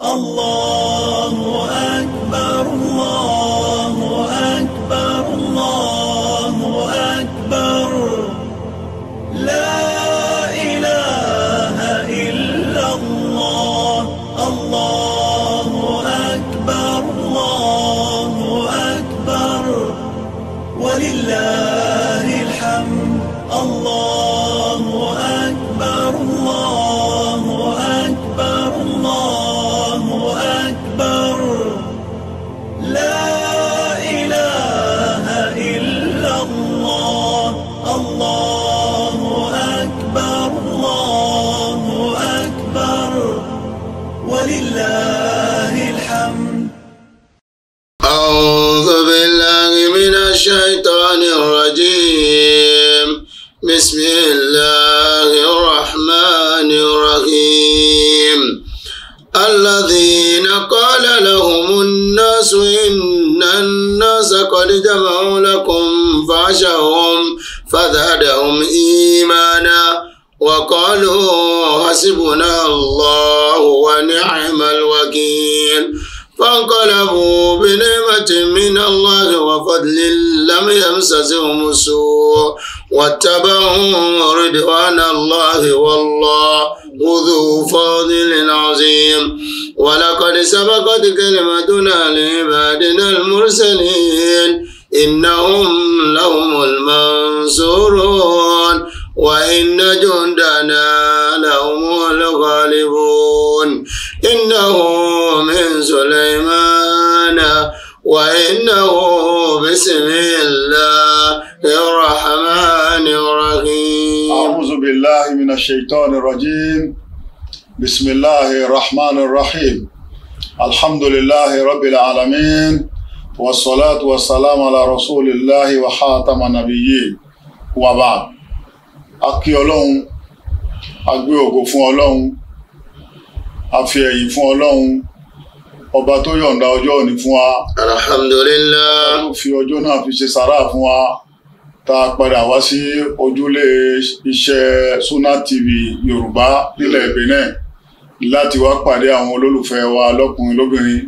الله أكبر حسبنا الله ونعم الوكيل فانقلبوا بنعمة من الله وفضل لم يمسسهم سوء واتبعوا رضوان الله والله ذو فضل عظيم ولقد سبقت كلمتنا لعبادنا المرسلين إنهم لهم المنصورون وإن جندنا لهم الغالبون إنه من سليمان وإنه بسم الله الرحمن الرحيم أعوذ بالله من الشيطان الرجيم بسم الله الرحمن الرحيم الحمد لله رب العالمين والصلاة والسلام على رسول الله وخاتم النبيين وبعد a kí ọlọ́run a gbé ògo fún ọlọ́run a fi ẹ̀yìn fún ọlọ́run ọba tó yọ̀ǹda ọjọ́ òní fún wa. alhamdulillah. a ló fi ọjọ́ náà fi ṣe sàrà fún wa tá a padà wá sí ojúlé iṣẹ́ Sunna TV Yorùbá nílẹ̀ Benin láti wá pàdé àwọn olólùfẹ́ wa lọ́kùnrin lóbìnrin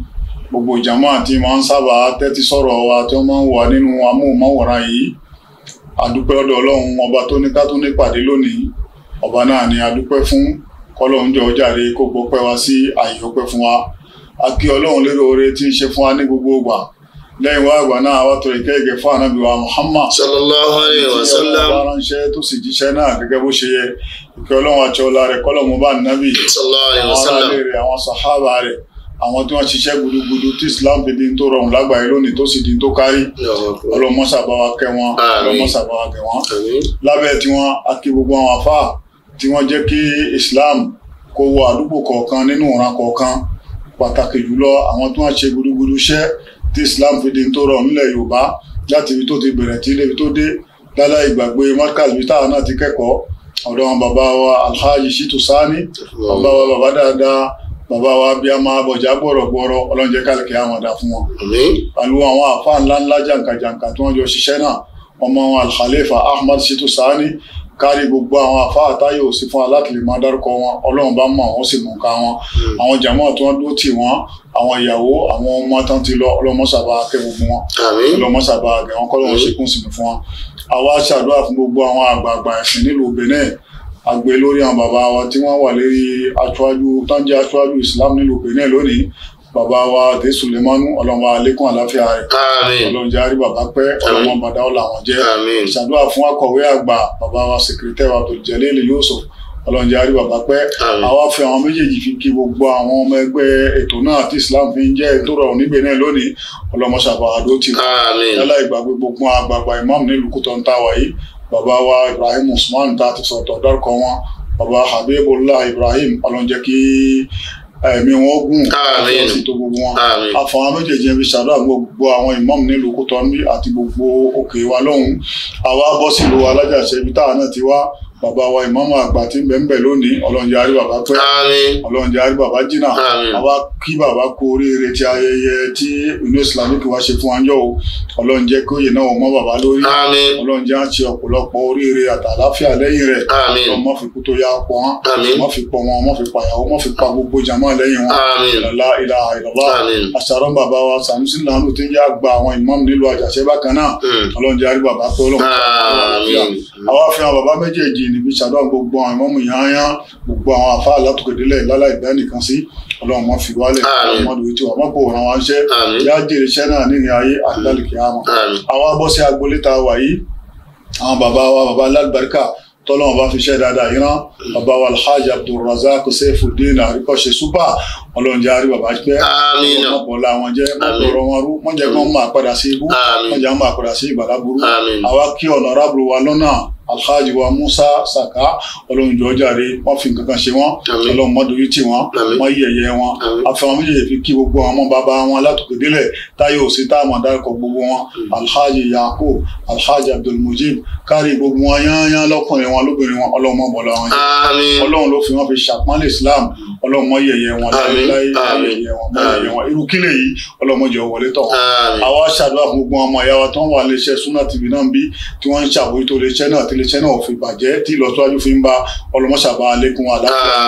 gbogbo ìjàmọ́ àti máa ń sábà tẹ́tí sọ̀rọ̀ wa tí wọ́n máa ń wà nínú amóhùnmáwòrán yìí adúpẹ́ ọ̀dọ̀ ọlọ́run ọba tó ní ká tó ní pàdé lónìí ọba náà ni adúpẹ́ fún kọ́lọ́run jọ jáde kó gbọ́pẹ́ wá sí àyè ọpẹ́ fún wa a kí ọlọ́run lérò oore tí ń ṣe fún wa ní gbogbo ìgbà lẹ́yìn àgbà náà wá tọrọ ìkẹ́ ìgẹ̀ fún wa Muhammad sallallahu alayhi wa sallam ọba ránṣẹ́ tó sì jíṣẹ́ náà gẹ́gẹ́ bó ṣe yẹ ìkẹ́ ọlọ́run wa sallam àwọn tí wọ́n ṣiṣẹ́ gbudugbudu tí Islam fi di tó rọrùn lágbàáyé lónìí tó sì di tó kárí ọlọmọsàbáwá kẹ wọn ọlọmọsàbáwá kẹ wọn lábẹ́ tí wọ́n á gbogbo àwọn afá tí wọ́n jẹ́ kí Islam kó wọ àdúgbò kọ̀ọ̀kan nínú ìran kọ̀ọ̀kan pàtàkì jùlọ àwọn tí wọ́n ṣe gbudugbudu iṣẹ́ tí Islam fi di tó rọrùn nílẹ̀ Yorùbá láti ibi tó ti bẹ̀rẹ̀ tí ibi tó dé lálá ìgbàgbé markaz bíi táwọn náà ti kẹ́kọ̀ọ́ ọ̀dọ̀ wa Alhaji Shitu Sani bàbá wa bàbá bàbá wa bí a máa bọ̀já gbọ̀rọ̀gbọ̀rọ̀ ọlọ́njẹ́ kálíkì àwọn ọ̀dà fún wọn. pẹ̀lú àwọn àfa ńlá ńlá jàǹkàjàǹkà tí wọ́n jọ ṣiṣẹ́ náà ọmọ wọn alkhalifa ahmad shitu sani kárí gbogbo àwọn àfa àtayọ òsì fún alátìlẹ máa dárúkọ wọn ọlọ́run bá mọ àwọn sì mú ká wọn hmm. àwọn jàmọ tí wọ́n dúró tì wọ́n àwọn ìyàwó àwọn ọmọ tán ti lọ ọlọmọsàbà akẹwògùn wọn ọlọmọsàbà àgẹwọn kọlọwọn ṣekún sí fún wọn àwa ṣàdúrà fún gbogbo àwọn àgbààgbà ẹ̀sìn nílùú benin àgbẹ̀ lórí àwọn bàbá wa tí wọ́n wà lérí aṣáájú tánjẹ́ aṣáájú Islam nílùú pẹ̀lú lónìí bàbá wa àti Sulemanu ọlọ́mọ alẹ́kùn àláfíà rẹ̀ ọlọ́njẹ́ àrí bàbá pẹ́ ọlọ́mọ bàdá ọ̀là wọn jẹ́ ìṣàdúrà fún akọ̀wé àgbà bàbá wa sèkìrìtẹ́ wa tó jẹ́lẹ́ lè yóò sọ ọlọ́njẹ́ àrí bàbá pẹ́ àwa fi àwọn méjèèjì fi kí gbogbo àwọn ọmọ ẹgbẹ́ ètò náà àti Islam fi ń jẹ́ ètò rọ̀ nígbè náà lónìí ọlọ́mọ ṣàbàwádó ti yálà ìgbàgbé gbogbo àgbààgbà ìmáàmù nílùú Kútọ́ntà wáyé bàbá wa Ibrahim Usman tá a ti sọ̀tọ̀ dárúkọ wọn bàbá Habibullah Ibrahim ọlọ́njẹ́ kí eh, ẹ̀mí wọn gùn ọlọ́sìn tó gbogbo wọn àfọwọn méjèèjì ẹbí ṣàdúrà gbogbo àwọn ìmọ̀mù nílùú Kútọ́nù àti gbogbo òkè wa lọ́hùn àwa bọ́ sílùú alájàṣe ibi táwa náà ti wá bàbá wa ìmọ̀mọ̀ àgbà tí ń bẹ̀ ń bẹ̀ lónìí ọlọ́run jẹ́ àrí bàbá pẹ́ ọlọ́run jẹ́ àrí bàbá jìnnà àwa kí bàbá kú oríire ti ayẹyẹ tí inú islamic wa ṣe fún anjọ́ o ọlọ́run jẹ́ kí òye náà mọ́ bàbá lórí ọlọ́run jẹ́ àti ọ̀pọ̀lọpọ̀ oríire àtàláfíà lẹ́yìn rẹ̀ ọlọ́run má fi kú tó yá pọ̀ wọ́n má wọn má fi pàyàwó gbogbo jàmá lẹ́yìn wọn la ilaha illallah wa sàmúsì lánàá tó ń yá gba àwọn ìmọ̀mù nílùú àjàṣẹ́ bákan náà hmm. ọlọ́run àrí bàbá méjèèjì níbi ṣàdúrà gbogbo àwọn ìmọ̀mù yányán gbogbo àwọn afá alátòkèdélẹ̀ lálá ìdánìkan sí ọlọ́run mọ́ fi wálẹ̀ ọmọdé tí wọ́n mọ́pọ̀ òràn wọn ṣẹ́ yá jèrè iṣẹ́ náà ní ayé àdálìkì àmọ́ àwọn abọ́sí agboolé wà yìí àwọn bàbá wa bàbá alábàríkà tọ́lọ́wọ́n bá fi ṣe dáadáa ìran bàbá wa alhaji abdulrazak sefudin àríkọ́ṣe súpà ọlọ́njẹ́ àrí bàbá jẹ́ ọ̀pọ̀lọpọ̀ wọn jẹ́ ọ̀pọ̀lọpọ̀ wọn rú wọ́n jẹ́ kí wọ́n máa padà sí ibú wọ́n jẹ́ kí wọ́n máa padà sí ìbàdàbúrú àwa kí ọ̀nà alhaji wa musa saka ọlọ́run jọ jàre wọ́n fi nǹkan kan ṣe wọ́n ọlọ́run mọ́ dorí tì wọ́n mọ́ yẹ̀yẹ́ wọn afẹ́wọn méjèèjì fi kí gbogbo àwọn bàbá wọn látòkè délẹ̀ táyé òsì tá a mọ̀ dárúkọ gbogbo wọn alhaji yakub alhaji abdulmujib kárí gbogbo wọn yányán lọ́kùnrin wọn lóbìnrin wọn ọlọ́run mọ́ bọ̀lá wọn ọlọ́run ló fi wọn fi ṣàpọ́nlé islam ọlọ́run mọ́ yẹ̀yẹ́ wọn láyé láyé yẹ̀yẹ́ wọn irú kílẹ̀ yìí ọlọ́run mọ́ jẹ́ wọlé tọ̀ iléeṣẹ́ náà fi bàjẹ́ tí ìlọsíwájú fi ń bá ọlọmọṣàbà lẹkùn àdáfíà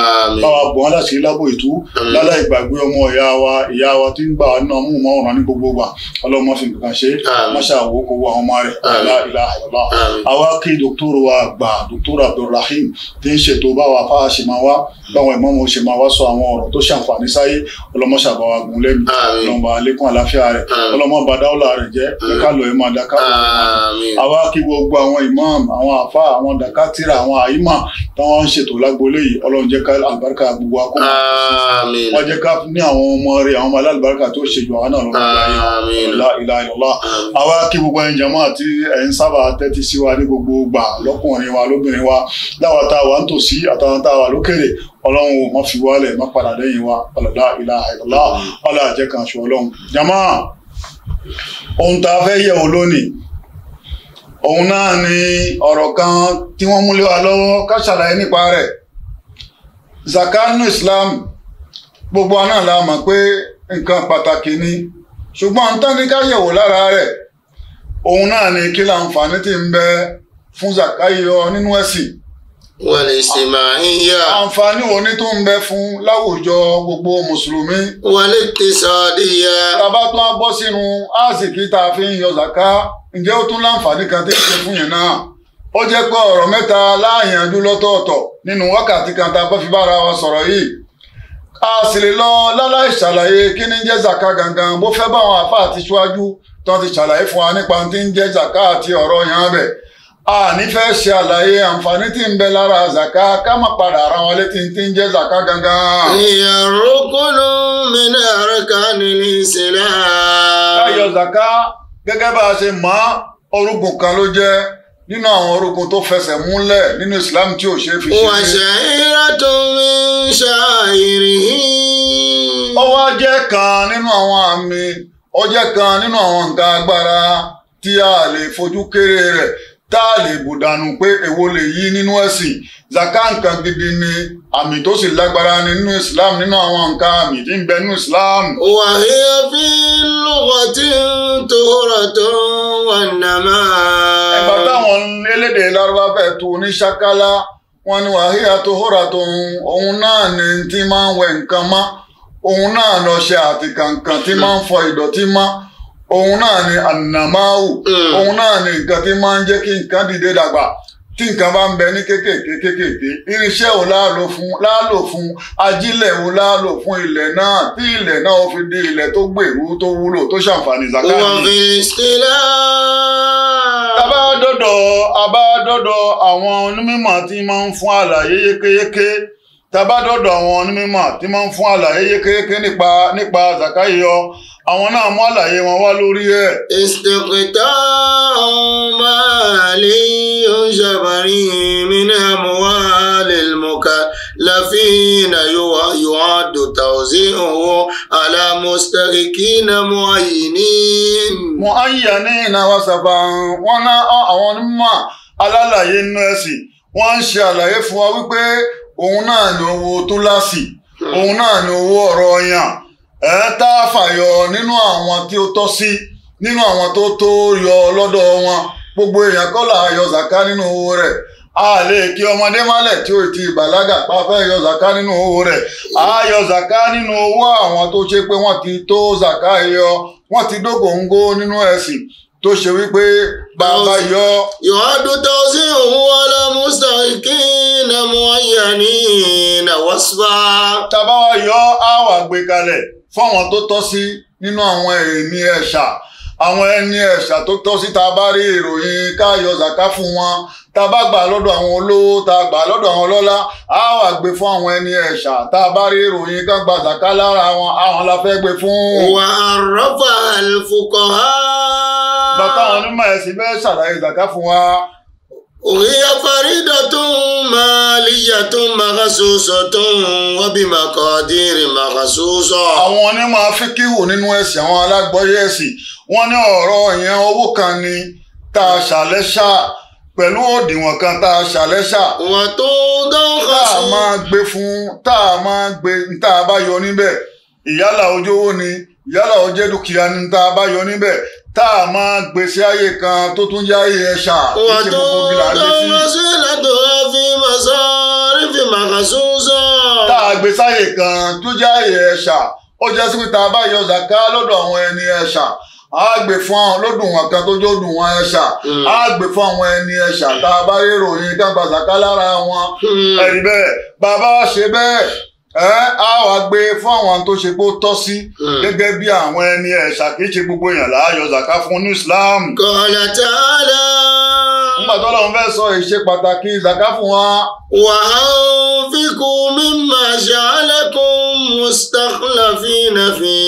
báwa gbọn aláṣẹ lábò ètú lálẹ ìgbàgbé ọmọ ìyá wa ìyá wa tí ń gbà nínú ọmú mọ ọràn ní gbogbo wa ọlọmọ fi nǹkan ṣe mọṣà wo kó wo àwọn ọmọ rẹ ọlá ìlà ọlá àwa kí dókítọrọ wa gbà dókítọrọ abdulrahim tí ń ṣètò báwa fa ṣe máa wá báwọn ìmọ̀ mo ṣe máa wá sọ àwọn ọ̀rọ̀ tó ṣàǹfààní sáyé ọlọmọṣàbà wa gùn lẹ́nu ọlọmọ alẹ́kùn àláfíà rẹ ọlọmọ bàdáwọlà rẹ jẹ́ ká lọ ẹ̀ máa dá ká lọ àwa kí gbogbo àwọn ìmọ̀ àwọn àfa àwọn dàkátìrà àwọn àyímà táwọn ń ṣètò lágboolé yìí ọlọ́run jẹ́ ká àlùbáríkà gbogbo akọ́ wọn jẹ́ ká ní àwọn ọmọ rẹ̀ àwọn ọmọ alálùbáríkà tó ṣe jù àwọn náà lọ́wọ́ ìlà ìlọ́lá àwa kí gbogbo ẹ̀yin jàmá àti ẹ̀yin sábà tẹ́tí sí wa ní gbogbo gbà lọ́kùnrin wa lóbìnrin wa dáwà tá a wà ń tòsí àtàwọn tá a wà lókèrè ọlọ́run ò má fi wálẹ̀ má padà lẹ́yìn wa ọlọ́lá ìlà ìlọ́lá ọlọ́ àjẹkànṣọ ọlọ́run jàmá ohun tá a fẹ́ yẹ̀wò lónìí òun náà ni ọ̀rọ̀ kan tí wọ́n múlé wa lọ́wọ́ ká ṣàlàyé nípa rẹ̀ zakanu Islam gbogbo aná la mọ̀ pé nǹkan pàtàkì ni ṣùgbọ́n tán ní ká yẹ̀wò lára rẹ̀ òun náà ni kí láǹfààní ti ń bẹ fún zaka nínú ẹ̀sìn wọ́n lè ṣe máa ń yá. àǹfààní wo ni tó ń bẹ fún láwùjọ gbogbo mùsùlùmí. wọ́n lè tẹ̀sán adìyẹ. bọ́ fi ń yọ ǹjẹ́ ó tún láǹfààní kan tí ń ṣe fún yẹn náà ó jẹ́ pé ọ̀rọ̀ mẹ́ta láàyànjú lọ́tọ̀ọ̀tọ̀ nínú wákàtí kan tá a bá fi bára wa sọ̀rọ̀ yìí a sì lè lọ láláì ṣàlàyé kí ni jẹ́ zaka gangan bó fẹ́ báwọn àfa àti ṣíwájú tán ti ṣàlàyé fún wa nípa tí ń jẹ́ zaka àti ọ̀rọ̀ yẹn bẹ̀ a nífẹ̀ẹ́ ṣe àlàyé àǹfààní tí ń bẹ lára zaka ká má padà ara wọn létí tí ń jẹ́ zaka gangan. ìyàrá kúnnú mi náà rẹ̀ ká nínú ìsìlẹ̀ gẹ́gẹ́ bá a ṣe mọ̀ orúkún kan ló jẹ́ nínú àwọn orúkún tó fẹsẹ̀ múlẹ̀ nínú Islam tí ò ṣe fi ṣe. wà á ṣe ìrọ́tò mi ṣàìrí. ó wá jẹ́ kan nínú àwọn àmì ó kan nínú àwọn nǹkan agbára tí a lè fojú kéré rẹ̀ tá a lè bù dànù pé èwo lè yí nínú ẹ̀sìn zaka nǹkan gidi ni àmì tó sì lágbára nínú islam nínú àwọn nǹkan àmì tí ń bẹ nínú islam. wa hiya fi lughatin turatun wa nama. ẹ̀bà táwọn elédè lárúbá fẹ́ tu ní ṣákálá wọn ni wa hiya turatun òun náà ni ti máa ń wẹ nǹkan mọ́ òun náà lọ ṣe àtìkàǹkàn tí máa ń fọ ìdọ̀tí mọ́ òun náà ni ànàmáwù òun hmm. náà ni nǹkan tí máa ń jẹ́ kí nǹkan dìde dàgbà tí nǹkan bá ń bẹ ní kékèké kékèké irinṣẹ́ wo láàlò fún láàlò fún ajílẹ̀ wo láàlò fún ilẹ̀ náà tí ilẹ̀ náà ó fi di ilẹ̀ tó gbèrú tó wúlò tó ṣàǹfààní zakari. wọ́n fi sílẹ̀. abádọ́dọ̀ abádọ́dọ̀ àwọn onímọ̀ tí máa ń fún àlàyé yékéyéké tabádọ́dọ̀ àwọn onímọ̀ tí máa ń fún àlàyé yékéyéké nípa nípa zakari yọ àwọn náà mú àlàyé wọn wá lórí ẹ̀. ìsìkìtà ọmọ àlè yóò ṣàbàrí mi ní àmúwá lèmọ̀ká láfihàn yóò àdó tàwùsí òwò alámọ̀sítàkìkínà mọ́ àyìní. mọ́ àyà ní ìnáwó sábà wọn ná àwọn onímọ̀ alálàyé nínú ẹ̀sìn wọ́n ń ṣe àlàyé fún wa wípé òun náà ni owó tó láṣì hmm. òun náà ni owó ọ̀rọ̀ ọyàn ẹ tá a fàyọ nínú àwọn tí ó tọ́ sí nínú àwọn tó tó yọ lọ́dọ̀ wọn gbogbo èèyàn kọ́ là zaka nínú owó rẹ̀ a lè kí ọmọdé mọ́lẹ̀ tí ó ti bàlágà pa fẹ́ yọ zaka nínú owó rẹ̀ a yọ zaka nínú owó àwọn tó ṣe pé wọ́n ti tó zaka yọ wọ́n ti dógòńgó nínú ẹ̀sìn tó ṣe wípé bàbá yọ. yọ̀ọ́dún tó sí òun ọlá musa kí nàmú ayé ní nàwọ́sùpá. tàbá wa yọ àwọn àgbékalẹ̀ fáwọn tó tọ́ sí nínú àwọn ẹni ẹ̀ṣà àwọn ẹni ẹ̀ṣà tó tọ́ sí ta bá rí ìròyìn káyọ̀ zaka fún wọn ta bá gbà lọ́dọ̀ àwọn olówó ta gbà lọ́dọ̀ àwọn ọlọ́lá á wà gbé fún àwọn ẹni ẹ̀ṣà ta bá rí ìròyìn kan gba zaka lára wọn àwọn la fẹ́ gbé fún. wà á rọ́fà àlùfùkọ̀ á. bàtà onímọ̀ ẹ̀sìn bẹ́ẹ̀ ṣàlàyé zaka fún wa. وهي فريدة مالية مخصوصة وبمقادير مخصوصة. àwọn onímọ̀ afíkíhù nínú ẹ̀sìn àwọn alágbọ̀yé ẹ̀sìn wọ́n ní ọ̀rọ̀ ìyẹn owó kan ni tá a ṣàlẹ́ṣà pẹ̀lú òdiwọ̀n kan tá a ṣàlẹ́ṣà. wọ́n tó dán ká sí. tá a máa gbé fún tá a máa gbé tá a bá yọ níbẹ̀ ìyálà ojówó ni ìyálà ojẹ́ dúkìá ni tá a bá yọ níbẹ̀ tá a máa gbèsè ayé kan tó tún yá ayé ẹ ṣá kí ṣe gbogbo bí la lè sí. wà tó lọ́wọ́ sí lẹ́tọ̀ ẹ fi máa sọ rí fi máa kà sún sọ. tá a gbèsè ayé kan tó yá ayé ẹ ó jẹ́ sí pé tá a lọ́dọ̀ àwọn ẹni ẹ àgbè fún àwọn olódùn kan tó jódùn wọn ẹṣà àgbè hmm. fún àwọn ẹni ẹṣà tá a bá rí ìròyìn kápá zaka lára wọn hmm. ẹ̀rí bẹ́ẹ̀ bàbá ṣe bẹ́ẹ̀ a wá gbé fún àwọn tó ṣe pé ó tọ́ sí hmm. gẹ́gẹ́ bí àwọn ẹni ẹ̀ṣà kì gbogbo èèyàn láàyò zaka fún ní Islam. kọ̀ọ̀lá tá lọ. nígbà tó lọ́n fẹ́ sọ ìṣe pàtàkì zaka fún wa. wa anfiqu mimma ja'alakum mustakhlafina fi.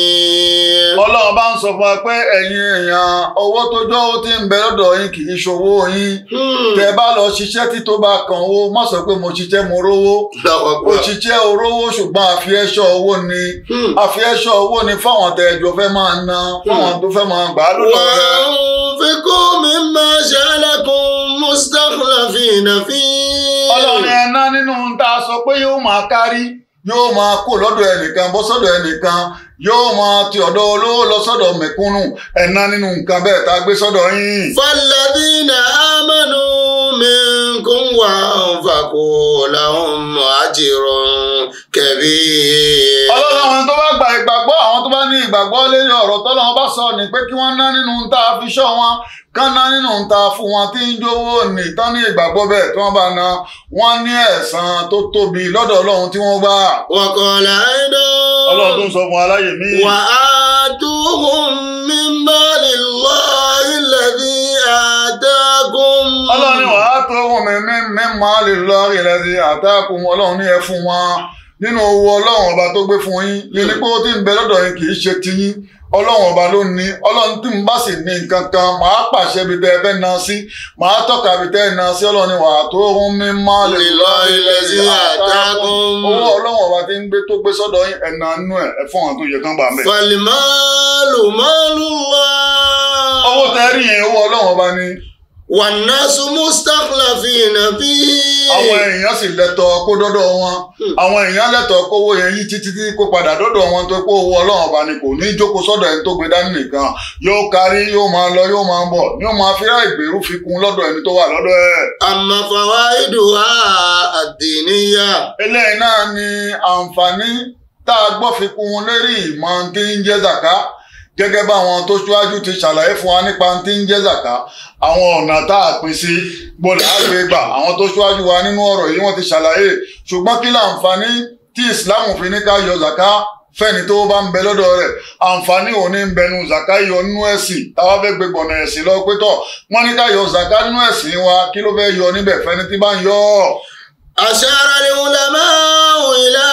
ọlọ́run bá ń sọ fún wa pé ẹ̀yin èèyàn owó tó jọ́ ó ti ń bẹ lọ́dọ̀ yín kì í ṣòwò yín. Hmm. tẹ́ bá lọ ṣiṣẹ́ tí bá kàn ó má sọ pé mo ṣiṣẹ́ mo rówó. òṣìṣẹ́ orówó ṣùgbọ́n àfiẹ́ṣọ́ owó ni àfiẹ́ṣọ́ hmm. owó ni fáwọn tẹ ẹjọ́ fẹ́ máa ná fáwọn hmm. tó fẹ́ máa gbà á lọ́dọ̀ rẹ. wàá fi kú mi máa ṣe alákùn mustapha fìnàfì. ọlọ́run ẹ̀ ná nínú tá a sọ pé yóò máa kárí yóò máa kó lọ́dọ̀ ẹnìkan bọ́ ẹnìkan yóò mọ ti ọ̀dọ̀ olówó lọ sọ́dọ̀ mẹ̀kúnnù ẹ̀ná nínú nǹkan bẹ́ẹ̀ tá a gbé sọ́dọ̀ yín. falladina amanu minkum wa anfaqu lahum ajrun kabir. ọlọ́run àwọn tó bá gba ìgbàgbọ́ àwọn tó bá ní ìgbàgbọ́ lórí ọ̀rọ̀ tọ́lọ́run bá sọ ni pé kí wọ́n ná nínú tá fi ṣọ́ wọn kánná nínú ta fún wọn tí ń jówó ní tán ní ìgbàgbọ́ bẹ́ẹ̀ tí wọ́n bá na wọ́n ní ẹ̀san tó tóbi lọ́dọ̀ ọlọ́run tí wọ́n bá. wọ́n kọ́ làádọ́. ọlọ́run tó ń sọ fún aláyè mi. wà á dúhùn mi máàlì lọ ilẹ̀ ní àdágún. ọlọ́run ni wà á dúhùn mi mi máàlì lọ ilẹ̀ ní àdágún ọlọ́run ní ẹ fún wọn nínú owó ọlọ́run ọba tó gbé fún yín yìí ní pé ó ti ń bẹ lọ́dọ̀ yín kì í ṣe tiyín ọlọ́run ọba ló ní ọlọ́run tí mo bá sì ní nǹkan kan màá pàṣẹ bí tẹ́ ẹ fẹ́ na sí màá tọ́ka bí tẹ́ ẹ na sí ọlọ́run ni wàá tó rún mi mọ́ lè lọ ilẹ̀ sí àtàkùn. owó ọlọ́run ọba ti ń gbé tó gbé sọ́dọ̀ yín ẹ̀nà inú ẹ̀ ẹ̀ fún àwọn tó yẹ kán bá mẹ́. fàlìmọ́lù mọ́lù wá. owó tẹ́rì yẹn owó ọlọ́run ọba ni wànásù mustakhlafina bí. àwọn èèyàn sì lẹ́tọ̀ kó dọ́dọ̀ wọn hmm. àwọn èèyàn lẹ́tọ̀ kówó yẹn yí títí tí kó padà dọ́dọ̀ wọn tó kó owó ọlọ́run ọba ni kò ní jókòó sọ́dọ̀ ẹni tó gbé dání nìkan yóò kárí yóò máa lọ yóò máa bọ̀ yóò máa fira ìgbèrú fi kún lọ́dọ̀ ẹni tó wà lọ́dọ̀ ẹ̀. àmọ́ fàwa ìdùnnà àdìníyà. eléyìí náà ni àǹfààní tá a gbọ́ fi kún lérí ìmọ̀ tí ń jẹ́ zaka gẹ́gẹ́ báwọn tó ṣíwájú ti ṣàlàyé fún wa nípa tí ń jẹ́ zàká àwọn ọ̀nà tá a pín sí gbọ́dọ̀ àgbè gbà àwọn tó ṣíwájú wa nínú ọ̀rọ̀ yìí wọ́n ti ṣàlàyé ṣùgbọ́n kí láǹfààní tí ìsìláàmù fi ní ká yọ zàká fẹ́ni tó bá ń bẹ lọ́dọ̀ rẹ̀ àǹfààní òní ń bẹnu zàká yọ nínú ẹ̀sìn táwa fẹ́ gbé gbọ̀nà ẹ̀sìn lọ pé tọ̀ wọ́n ní ká yọ zàká nínú ẹ̀sìn wa kí ló fẹ́ yọ níbẹ̀ fẹ́ni tí bá ń ulama ìlà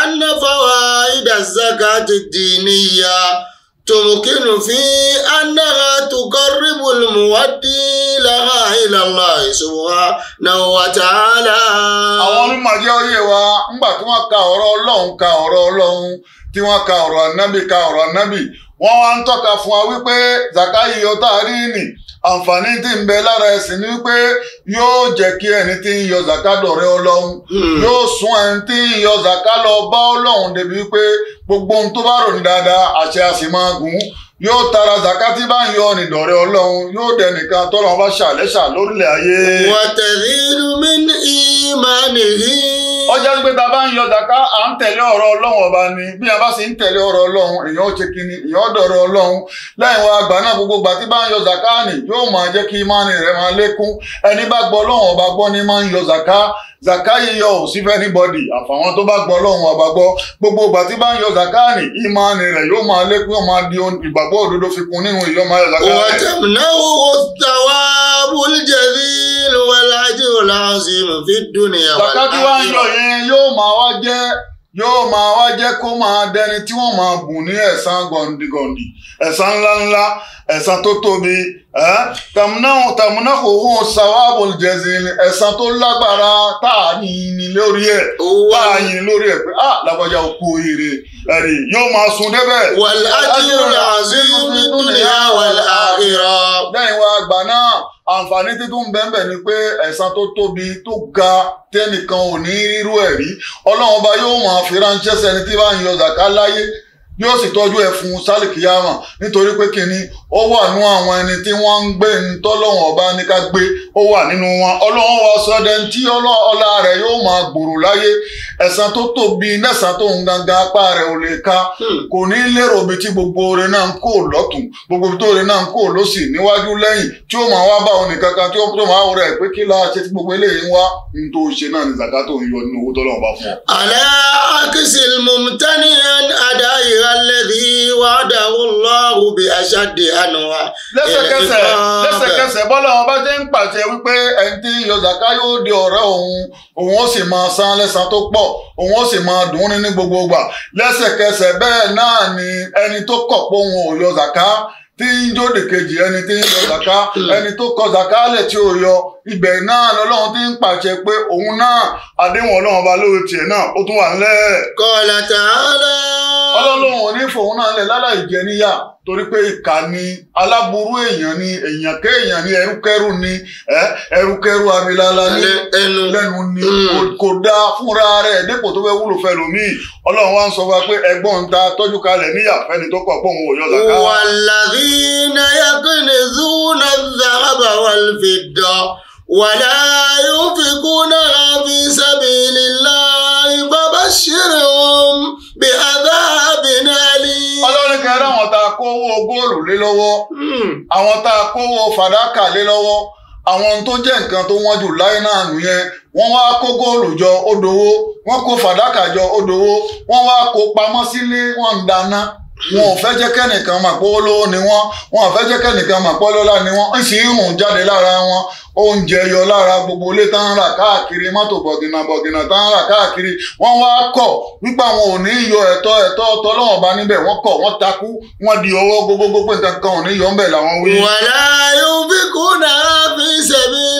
ànáfàwà ìdàzàkà ti dì تمكن في أنها تقرب المودي لها إلى الله سبحانه وتعالى. àwọn onímọ̀jẹ́ oyè wa ńgbà tí wọ́n ka ọ̀rọ̀ ọlọ́run ka ọ̀rọ̀ ọlọ́run tí wọ́n ka ọ̀rọ̀ ànábì ka ọ̀rọ̀ ànábì wọ́n wá ń tọ́ka fún wa wípé zakayi yóò tá a rí nì àǹfààní tí ń bẹ lára ẹ̀sìn ni wípé yóò jẹ́ kí ẹni tí ń yọ zaka dọ̀rẹ́ ọlọ́run hmm. yóò sún ẹni tí ń yọ zaka bá ọlọ́run débi wípé gbogbo ohun tó bá rò ní dáadáa àṣẹ àṣì máa gùn yóò tara zaka bá ń yọ ní dọ̀rẹ́ ọlọ́run yóò dẹnìkan tọ́lọ́run bá ṣàlẹ́ṣà lórílẹ̀ ayé. wàtẹ̀rí lumi ní ìmọ̀ nìyí ọjà ń gbé ta bá ń yọ zaka à ń tẹ̀lé ọ̀rọ̀ ọlọ́run ọba ni bí a bá sì ń tẹ̀lé ọ̀rọ̀ ọlọ́run èèyàn ó ṣe kí ni èèyàn ó dọ̀rọ̀ ọlọ́run lẹ́yìn wa àgbà náà gbogbo gbà tí bá ń yọ zaka ni yóò máa jẹ́ kí ìmánì rẹ̀ máa lékún ẹni bá gbọ́ ọlọ́run ọba gbọ́ ni máa ń yọ zaka zaka yíyọ ò sí fẹ́ni bọ́dì àfàwọn tó bá gbọ́ ọlọ́run ọba gbọ́ gbogbo ìgbà tí bá ń yọ zaka ni ìmánì rẹ̀ yóò máa lékún yóò máa di ìgbàgbọ́ òdodo fi nínú ìyọ́mọ ayọ̀ zaka. wọ́n tẹ̀ náà wọ́n tàwa bólú jẹ̀rí ìlú wàlájú làásìmù fi dúnìyà wàlájú. lọ́kàtí wá ń yọ yẹn yóò máa wá jẹ́ yóò máa wá jẹ́ kó máa dẹni tí wọ́n máa bùn ní ẹ̀san gọ̀ǹdìgọ̀ǹdì ẹ̀san ńláńlá ẹ̀san tó tóbi tàmúnáhùn tàmúnáhùn òhun sàwáàbò jẹ̀sìn ẹ̀san tó lágbára tá a yìn ní lórí ẹ̀ tá a yìn lórí ẹ̀ pé ah lágbájá o kú oríire ẹ̀rí yóò máa sun débẹ̀. wàlá àjùlọ àzínú dúnìá wàlá àkìrà. lẹ́yìn wa àgbà náà àǹfààní títún bẹ́ẹ̀ ni pé ẹ̀san tó tóbi tó ga tẹ́nìkan ò ní rírú ẹ̀rí ọlọ́run ọba yóò máa fi ránṣẹ́ sẹ́ni tí bá ń yọ zàká láyé yóò sì tọ́jú ẹ̀ fún sálìkìyàmà nítorí pé kínní ó wà nú àwọn ẹni tí wọ́n ń gbé ní ọba ní ká gbé ó wà nínú wọn ọlọ́run wa sọ́dẹ tí ọlá rẹ̀ yóò máa gbòòrò láyé ẹ̀san tó tóbi apá rẹ ò lè ka hmm. kò ní lérò gbogbo náà ń kó gbogbo tó náà ń kó níwájú tí ó máa wá kan tí ó pé kí la ṣe tí gbogbo eléyìí ń wá tó ṣe náà ní zakato ń yọ nínú alẹ́bí wàdàwó lọ́rù bí aṣáde ànúwà. lẹ́sẹ̀kẹsẹ̀ lẹ́sẹ̀kẹsẹ̀ bọ́lá wọn bá jẹ́ ń pàṣẹ wípé ẹni tí yọ̀zàká yóò di ọ̀rẹ́ òun òun ó sì máa san lẹ́san tó pọ̀ òun ó sì máa dùn ní gbogbo gbà lẹ́sẹ̀kẹsẹ̀ bẹ́ẹ̀ náà ni ẹni tó kọ̀ pé òun ò yọ̀zàká tí ń jóde kejì ẹni tí ń yọ̀zàká hmm. ẹni tó kọ̀ ibẹ̀ náà lọ́lọ́run ti ń pàṣẹ pé òun náà àdéhùn ọlọ́run ọba lórí tiẹ̀ náà ó tún wà ńlẹ̀. kọ́lá tààlà. ọlọ́run ò ní fòun náà lẹ̀ láláì jẹ torí pé ìkà ni aláburú èèyàn ni èèyàn kéèyàn ni ẹrúkẹrú ni ẹrúkẹrú amilala ni lẹ́nu ni mm. kò dáa fúnra rẹ̀ dépò tó fẹ́ wúlò fẹ́ lómi ọlọ́run wa ń sọ fún wa pé ẹgbọ́n ta tọ́jú kalẹ̀ níyà fẹ́ni tó kọ̀ pọ̀ òun ò yọ zaka. wàlàdí náyà kí ni zúnà zàràbà wàlfẹ̀dọ̀. ولا ينفقونها في سبيل الله فبشرهم بعذاب أليم. ọlọ́run kan rán àwọn tá a kó owó góòlù lé lọ́wọ́ hmm. àwọn tá a kó fàdákà lé lọ́wọ́ àwọn tó jẹ́ nǹkan tó wọ́n jù láyé jọ ó dowó wọ́n kó fàdákà jọ ó dowó wọ́n wá kó pamọ́ sílé wọ́n wọn ò fẹ́ jẹ́ kẹ́nìkan máa pọ́ lówó ni wọ́n wọn ò fẹ́ jẹ́ kẹ́nìkan máa pọ́ lọ́lá ni wọ́n ń sì ń rùn jáde lára wọn oúnjẹ yọ lára gbogbo ilé tá ń rà káàkiri mọ́tò bọ̀gìnà bọ̀gìnà tá ń rà káàkiri wọ́n wá kọ̀ wípé àwọn ò ní yọ ẹ̀tọ́ ẹ̀tọ́ ọ̀tọ́ lọ́wọ́n bá níbẹ̀ wọ́n kọ̀ wọ́n takú wọ́n di ọwọ́ gbogbogbò pé nǹkan kan ò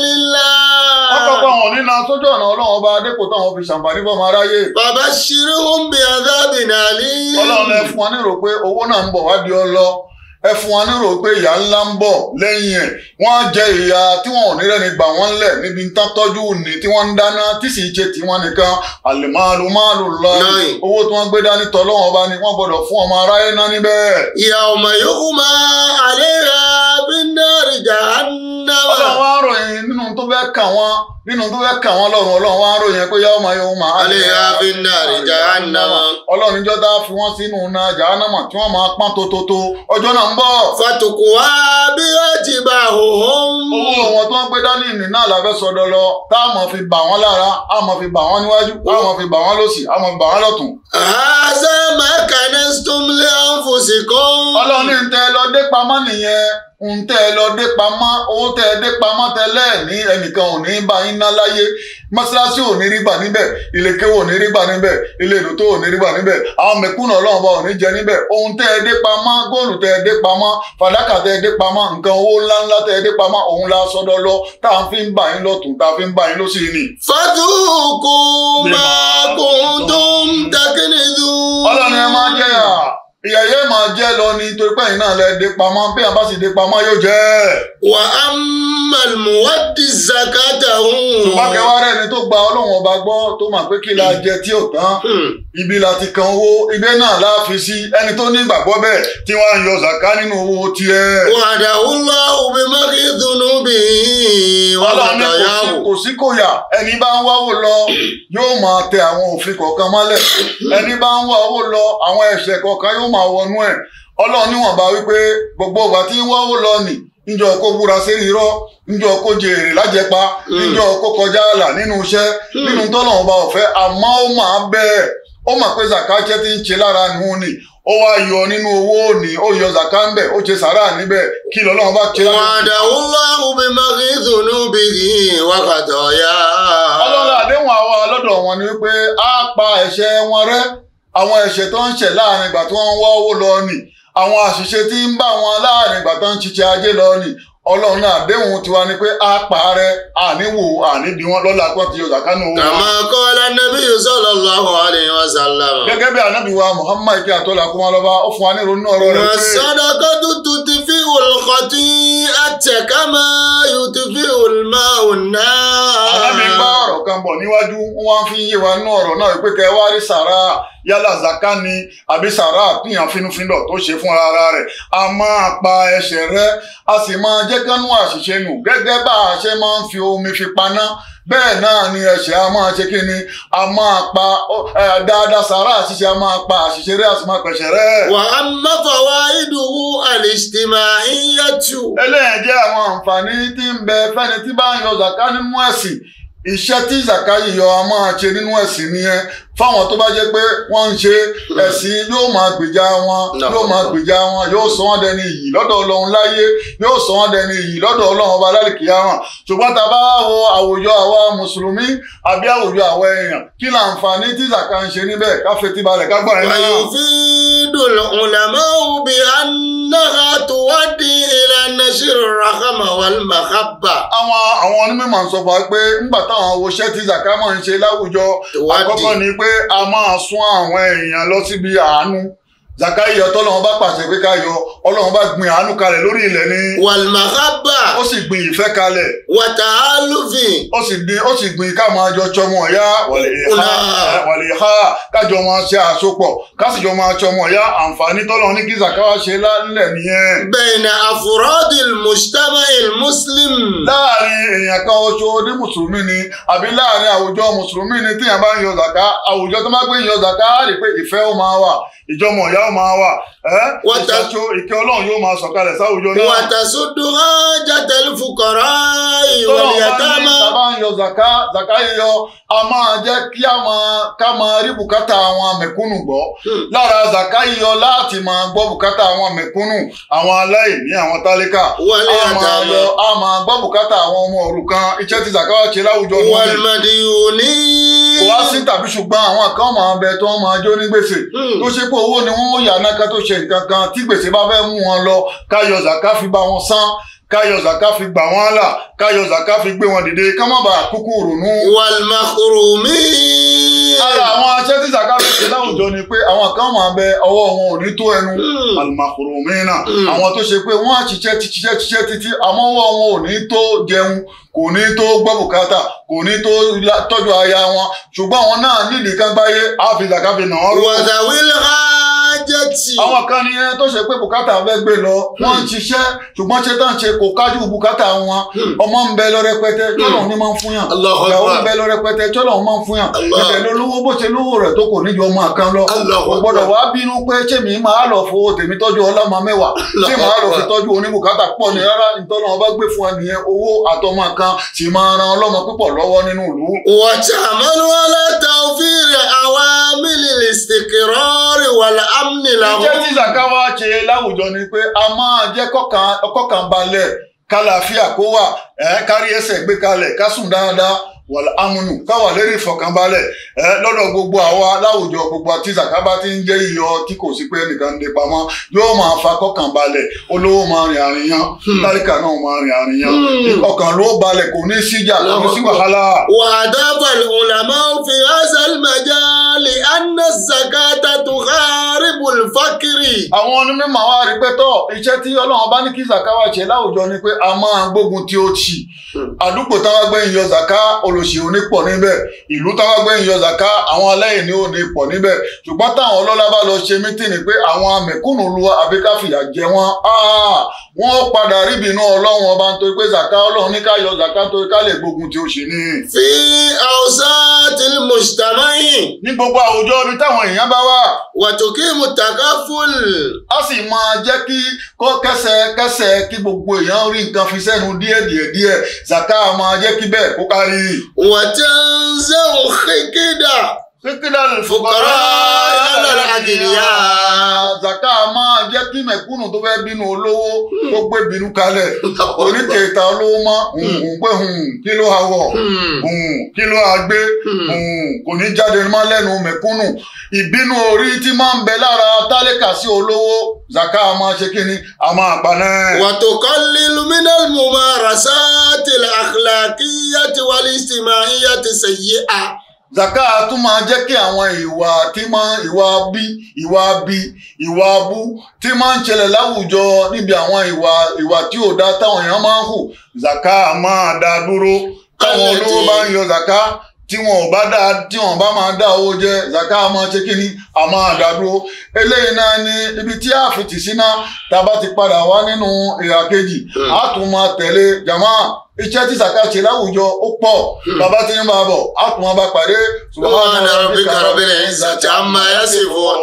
ní ọkọ̀ọ̀kọ̀ wọn nínú sójú ọ̀nà ọlọ́run ọba adépò táwọn fi ṣàǹfààní fọmọ aráyé. bàbá ṣírí ó ń bẹ adáàbì nàlí. ọlọ́run ẹ fún wa ní ìrò pé owó náà ń bọ̀ wá di ọ lọ ẹ fún wa nírò pé ìyà ńlá ń bọ̀ lẹ́yìn ẹ̀ wọ́n á jẹ ìyà tí wọn ò ní rẹ́ni gbà wọ́n lẹ̀ níbi ń tọ́jú ní tí wọ́n ń dáná tí sì ń ṣe tiwọn nìkan àlèmáàlú máàlú lọ owó tí wọ́n gbé dání tọ́ lọ́wọ́n bá ní wọ́n gbọ́dọ̀ fún ọmọ aráyé náà níbẹ̀. ìyá ọmọ yòókù máa àlera bí náírà jahannama. ọlọ́run wá ròyìn nínú tó fẹ́ kà wọ́n lọ́rùn ọlọ́run wá ròyìn pé yá ọmọ yòókù máa. àlera bí náírà jahannama. ọlọ́run níjọ́ tá fi wọ́n sínú náà jahannama tí wọ́n máa pọ́n tótótó ọjọ́ náà ń bọ̀. fatukuwa bí ó ti bá òun. owó wọn tó ń gbé dání nì náà la fẹ́ sọ̀dọ̀ lọ tá fi bà wọ́n lára a fi bà wọ́n níwájú a fi bà wọ́n lọ́sì a fi bà wọ́n lọ́tún. àṣà mákànnì stumlé ọ̀fùsì kan. ọlọ́run ní tẹ lọ dé pamọ́ nìyẹn ohun tẹ́ ẹ lọ dé pamọ́ owó tẹ́ ẹ dé pamọ́ tẹ́lẹ̀ ní ẹnìkan ò ní bá yín ná láyé mọ́ṣáláṣí ò ní rí gbà níbẹ̀ ìlẹ̀kẹ̀ ò ní rí gbà níbẹ̀ ilé ìlú tó ò ní rí gbà níbẹ̀ àwọn mẹ̀kúnnà ọlọ́run bá ò ní jẹ níbẹ̀ ohun tẹ́ ẹ dé pamọ́ góòlù tẹ́ ẹ dé pamọ́ fàdákà tẹ́ dé pamọ́ nǹkan owó ńláńlá tẹ́ dé pamọ́ òun la sọ́dọ̀ lọ tá a fi ń bà yín lọ́tún tá a fi ń bà yín lọ́sì ni. fàtúkù máa kún tó ń takínìdú. ọlọ́run ẹ máa jẹ́yà ìyẹyẹ máa jẹ́ lọ ni torí pé ẹ̀yin náà lẹ dé pamọ́ bí àwọn bá sì dé pamọ́ yóò jẹ́. wà á mọ̀lùmọ́dì zakata hùn. ṣùgbọ́n kẹwàá rẹ̀ ni tó gba ọlọ́run ọba gbọ́ tó mà pé kí la hmm. jẹ tí ò tán hmm. ibi la ti kan owó ibẹ̀ náà la fi sí ẹni tó ní ìgbàgbọ́ bẹ́ẹ̀ tí wọ́n á yọ zaka nínú owó tiẹ̀. wàdà wúlọ òbí mọ́kì dunu bí wàdà yàwó. kò sí kò yà ẹni bá ń wáwó lọ yóò máa tẹ àwọn òfin máa wọnú ẹ̀ ọlọ́run níwọ̀nba wípé gbogbo ìgbà tí wọ́n ó lọ nì níjọ kó búra sí irọ́ níjọ kó jèrè lájẹpa níjọ hmm. kó kọjá là nínú iṣẹ hmm. nínú tọ́lọ́run bá ọ̀fẹ́ àmọ́ ó mà bẹ́ẹ̀ ó mà pé zaka iṣẹ́ ti ń ṣe lára nù ni ó wá yọ nínú owó òní ó yọ zaka ń bẹ̀ ó ṣe sàrà níbẹ kí lọ́lọ́run bá ṣe. wàdàwọ́ láwùn bí màkì dùnú bìrì wákàtọ̀ yá. ọlọ́run àdéhùn àwa lọ́dọ̀ wọn ni wípé á pa ẹ̀ṣẹ̀ wọn rẹ́ àwọn ẹ̀ṣẹ̀ tó ń ṣẹ̀ láàrin ìgbà tí wọ́n ń wá owó lọ nì àwọn àṣìṣe tí ń bá wọn láàrin ìgbà tó ń ṣiṣẹ́ ajé lọ nì ọlọ́run náà àdéhùn tiwa ni pé a pa àníwò àníbi wọn lọ́la pé ti yọ̀dà kánú. kàmá kọ́lá nàbí sallallahu alaihi wasallam. gẹ́gẹ́ bí ànábì wa Muhammad kí àtọ́lá kó wọn lọ́ba ó fún wa ní ìrònú ọ̀rọ̀ rẹ̀ pé. sọ́dọ̀kọ́ tuntun ti fi olùkọ́ tí àtẹ̀kámá yóò ti fi olùmọ̀ òná. alámi bá ọ̀rọ̀ kan bọ̀ níwájú wọn fi yé wa nú ọ̀rọ̀ náà pé yálà zaka ni àbí sàrà àpìyàn finúfindọ̀ tó ṣe fún ara rẹ̀ a máa pa ẹsẹ̀ rẹ̀ a sì máa jẹ́ jẹ́ kánú àṣìṣe nù gẹ́gẹ́ bá a ṣe máa ń fi omi fi paná bẹ́ẹ̀ náà ni ẹ̀ṣẹ̀ a máa ṣe kí ni a máa pa dáadáa sàrà àṣìṣe a máa pa àṣìṣe rẹ̀ àti máa pẹ̀ṣẹ̀ rẹ̀. wà á mọ́tọ̀ wá ìdùnnú àlìṣtìmá ìyẹ́tù. eléyìí àwọn àǹfààní tí ń bẹ fẹ́ni tí bá ń yọ zàká nínú ẹ̀sìn iṣẹ́ tí zàká yìí yọ a máa ṣe nínú ẹ̀sìn nìyẹn fáwọn tó bá jẹ pé wọn ń ṣe hmm. ẹsìn yóò máa gbèjà wọn yóò máa gbèjà wọn yóò sọ wọn dẹni iyì lọ́dọ̀ Ọlọ́run láyé yóò sọ wọn dẹni iyì lọ́dọ̀ Ọlọ́run ọba lálùkìyà hàn ṣùgbọ́n tá a bá wo àwùjọ àwa mùsùlùmí àbí àwùjọ àwa èèyàn kí làǹfààní tí zaka ń ṣe níbẹ̀ ká fetí balẹ̀ ká gbọ́ra ẹ̀rọ. òfìdùn ọ̀làmọ́ òbí anáhà tó wá di ìlànà ṣírò rahama wal mahabba. àwọn àwọn onímọ̀ ni pé a máa sún àwọn èèyàn lọ síbi àánú zaka yíyọ tọ́lọ́wọ́n bá pàṣẹ pé ká yọ ọlọ́wọ́n bá gbin àánú kalẹ̀ lórí ilẹ̀ ni. wàlmàhábà. ó sì gbin ìfẹ́ kalẹ̀. wàtà álùfì. ó sì gbin ó sì gbin ká máa jọ tọmọ wàlẹ̀ ha kájọ máa ṣe àsopọ̀ kásìjọ máa tọmọ ọ̀yá àǹfààní tọ́lọ́wọ́n ní kí zaka ṣe lálẹ́ nìyẹn. bẹ́ẹ̀ni àfúrọ́dì mùsítàmà muslim. láàrin èèyàn kan oṣù ní mùsùlùmí ni àbí láàrin àwùjọ mùsùlùmí zaka àwùjọ tó má gbé yọ zaka ìjọmọ ìyá ọmọ wa ìṣàtò ìkẹ́ ọlọ́run yóò máa sọ̀kalẹ̀ sáwùjọ náà. wàtà sódò ájá tẹ̀lé fukọ̀rọ̀ ìwọ̀lìyàtà máa. tọ́lọ̀ máa ń yọ zaka zaka yíyọ a máa jẹ́ kí a máa ká máa rí bùkátà àwọn mẹ̀kúnnù gbọ́. Hmm. lára zaka yíyọ láti máa gbọ́ bùkátà àwọn mẹ̀kúnnù àwọn aláìní àwọn tálíkà. wàlíyàtà máa a máa gbọ́ bùkátà àwọn ọmọ òrukàn iṣẹ́ zaka wá ṣe láwùjọ náà. wàlímàdì òní. kò wá sí tàbí ṣùgbọ́n àwọn pé owó ni wọ́n yà náà ká tó ṣe nǹkan kan tí gbèsè bá fẹ́ mú wọn lọ ká yọ zàká fi bá wọn san káyọ̀ zaka fi gbà wọ́n là káyọ̀ zaka fi gbé wọn dìde ká má bàa kúkú rònú. wàlmàkùrù mi. ara àwọn aṣẹ́ tí zaka fi ṣe láwùjọ ni pé àwọn kan máa bẹ ọwọ́ wọn ò ní tó ẹnu àlùmàkùrù mi náà àwọn tó ṣe pé wọ́n á ṣiṣẹ́ ṣiṣẹ́ ṣiṣẹ́ títí àmọ́ ọwọ́ wọn ò ní tó jẹun kò ní tó gbọ́ bùkátà kò ní tó tọ́jú aya wọn ṣùgbọ́n àwọn náà nídìí kan gbáyé àfi zaka fi nà wọ́n. wàzàwìlì hàn àwọn kan ní ẹni eh, tó ṣe pé bùkátà ń fẹ́ gbé lọ wọ́n ń hmm. ṣiṣẹ́ ṣùgbọ́n ṣe tán ṣe kò kájú bùkátà wọn hmm. ọmọ ń bẹ lọ rẹpẹtẹ hmm. tọ́lọ̀ ní máa ń fún yàn ìyàwó ń bẹ lọ rẹpẹtẹ tọ́lọ̀ máa ń fún yàn ìbẹ̀ ló lówó bó ṣe lówó rẹ̀ tó kò níjọ ọmọ kan lọ kò gbọ́dọ̀ wá bínú pé ṣé mi máa lọ fowó tèmi tọ́jú ọlọ́mọ mẹ́wàá ṣé màá lọ fi tọ́jú wàlà amni làwọn. iṣẹ́ tí zaka wá ṣe láwùjọ ni pé a máa jẹ́ kọ́kàn balẹ̀ kálàáfíà kó wà kárí ẹsẹ̀ gbé kalẹ̀ ká dáadáa wàlá amúnù káwà lérí ìfọ̀kànbalẹ̀ ẹ lọ́dọ̀ gbogbo àwa láwùjọ gbogbo àti ìsàkábá tí ń jẹ́ iyọ̀ tí kò sí pé nìkan ń de pamọ́ yóò máa fa kọ́kànbalẹ̀ olówó máa rìn àríyàn hmm. láríkà náà máa rìn àríyàn hmm. ọkàn ló balẹ̀ kò ní síjà kò ní sí wàhálà. wàdà balẹ̀ ulama fi azal majali anna zakata tukharibu alfakiri. àwọn onímọ̀ wa rí pé tọ́ iṣẹ́ tí ọlọ́run bá ní kí zakawa ṣe láwùjọ ni pé a máa gbógun tí ó ṣì àdúgbò táwa gbẹ̀yìn yọ zaka ol olóṣèlú onípọ̀ níbẹ̀ ìlú táwa gbẹ̀yìn yọ zaka àwọn aláìní ò ní pọ̀ níbẹ̀ ṣùgbọ́n táwọn ọlọ́lá bá lọ ṣe mítìnì pé àwọn mẹ̀kúnnù lu àbí jẹ wọn ah, wọ́n padà ríbìnú ọlọ́run ọba nítorí pé zaka ọlọ́run ní ká yọ zaka nítorí ká lè gbógun tí ó ṣe ní. fi àwùsá ti mùsùlùmáyìn. ní gbogbo àwùjọ ibi táwọn èèyàn bá wà. wàtòkì mùtàkà fún. a sì máa jẹ́ kí kọ́ kẹsẹ̀kẹsẹ̀ kí gbogbo èèyàn rí nǹkan fi sẹ́nu díẹ̀ zaka máa jẹ́ kí bẹ́ẹ̀ kó kárí. وتنزع síkìlà fòkàrà ìlànà àgìníyà. zaka máa jẹ́ kí mẹ̀kúnnù tó fẹ́ bínú olówó kó gbé bínú kalẹ̀ oníkèéta olówó mọ́ pé kí ló ha wọ̀ hmm. kí ló ha gbé hmm. kò ní jáde mọ́ lẹ́nu mẹ̀kúnnù ìbínú orí tí máa ń bẹ lára tálíkà sí olówó zaka ama ṣe kí ni a máa gbà náà. wàtò kan lílu minal mumarasati al akhlaqiyati wal ijtimaiyati sayyi'a zaka tún máa jẹ́ kí àwọn ìwà tí máa ìwà bí ìwà bí ìwà bú tí máa ń ṣẹlẹ̀ láwùjọ níbi àwọn ìwà ìwà tí ò dá táwọn èèyàn máa ń hù zaka máa dá dúró táwọn olówó bá ń yọ zaka tí wọn ò bá dá tí wọn bá máa dá owó jẹ zaka máa ṣe kí ni a máa dádúró eléyìí náà ni ibi tí a fìtì síná tá a bá ti padà wá nínú ìhà kejì hmm. a tún máa tẹ̀lé jama iṣẹ́ tí zaka ṣe láwùjọ ó pọ̀ hmm. bàbá tí ń bá bọ̀ a tún máa bá pàdé. subhana rabbika rabbil izzati amma yasifun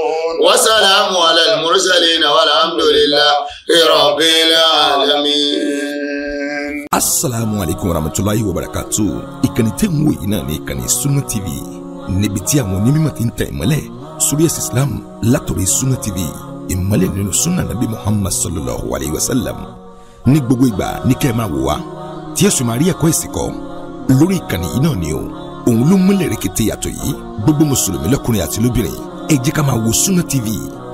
wa salamun ala al-mursalin walhamdulillahi rabbil alamin asalaamualeykum warahmatulahi wabarakatu ìkànnì tẹ́ ń wò yìí náà ní ìkànnì Sunna TV níbi tí àwọn onímọ̀ ti ń tẹ̀ ìmọ́lẹ̀ sórí ẹ̀sìn Islam látọ̀rọ̀ Sunna TV ìmọ́lẹ̀ nínú sunna nabi Muhammad sallallahu alayhi wa sallam ní gbogbo ìgbà ní kẹ́ ẹ máa wò wá tí ẹ̀sùn máa rí ẹ̀kọ́ ìsìnkọ́ lórí ìkànnì yìí náà ni o òun ló múlẹ̀ rẹ̀kẹ̀tẹ̀ yàtọ̀ yìí gbogbo mùsùlùmí lọ́kùnrin àti lóbìnrin ẹ jẹ́ ká máa wo Sunna TV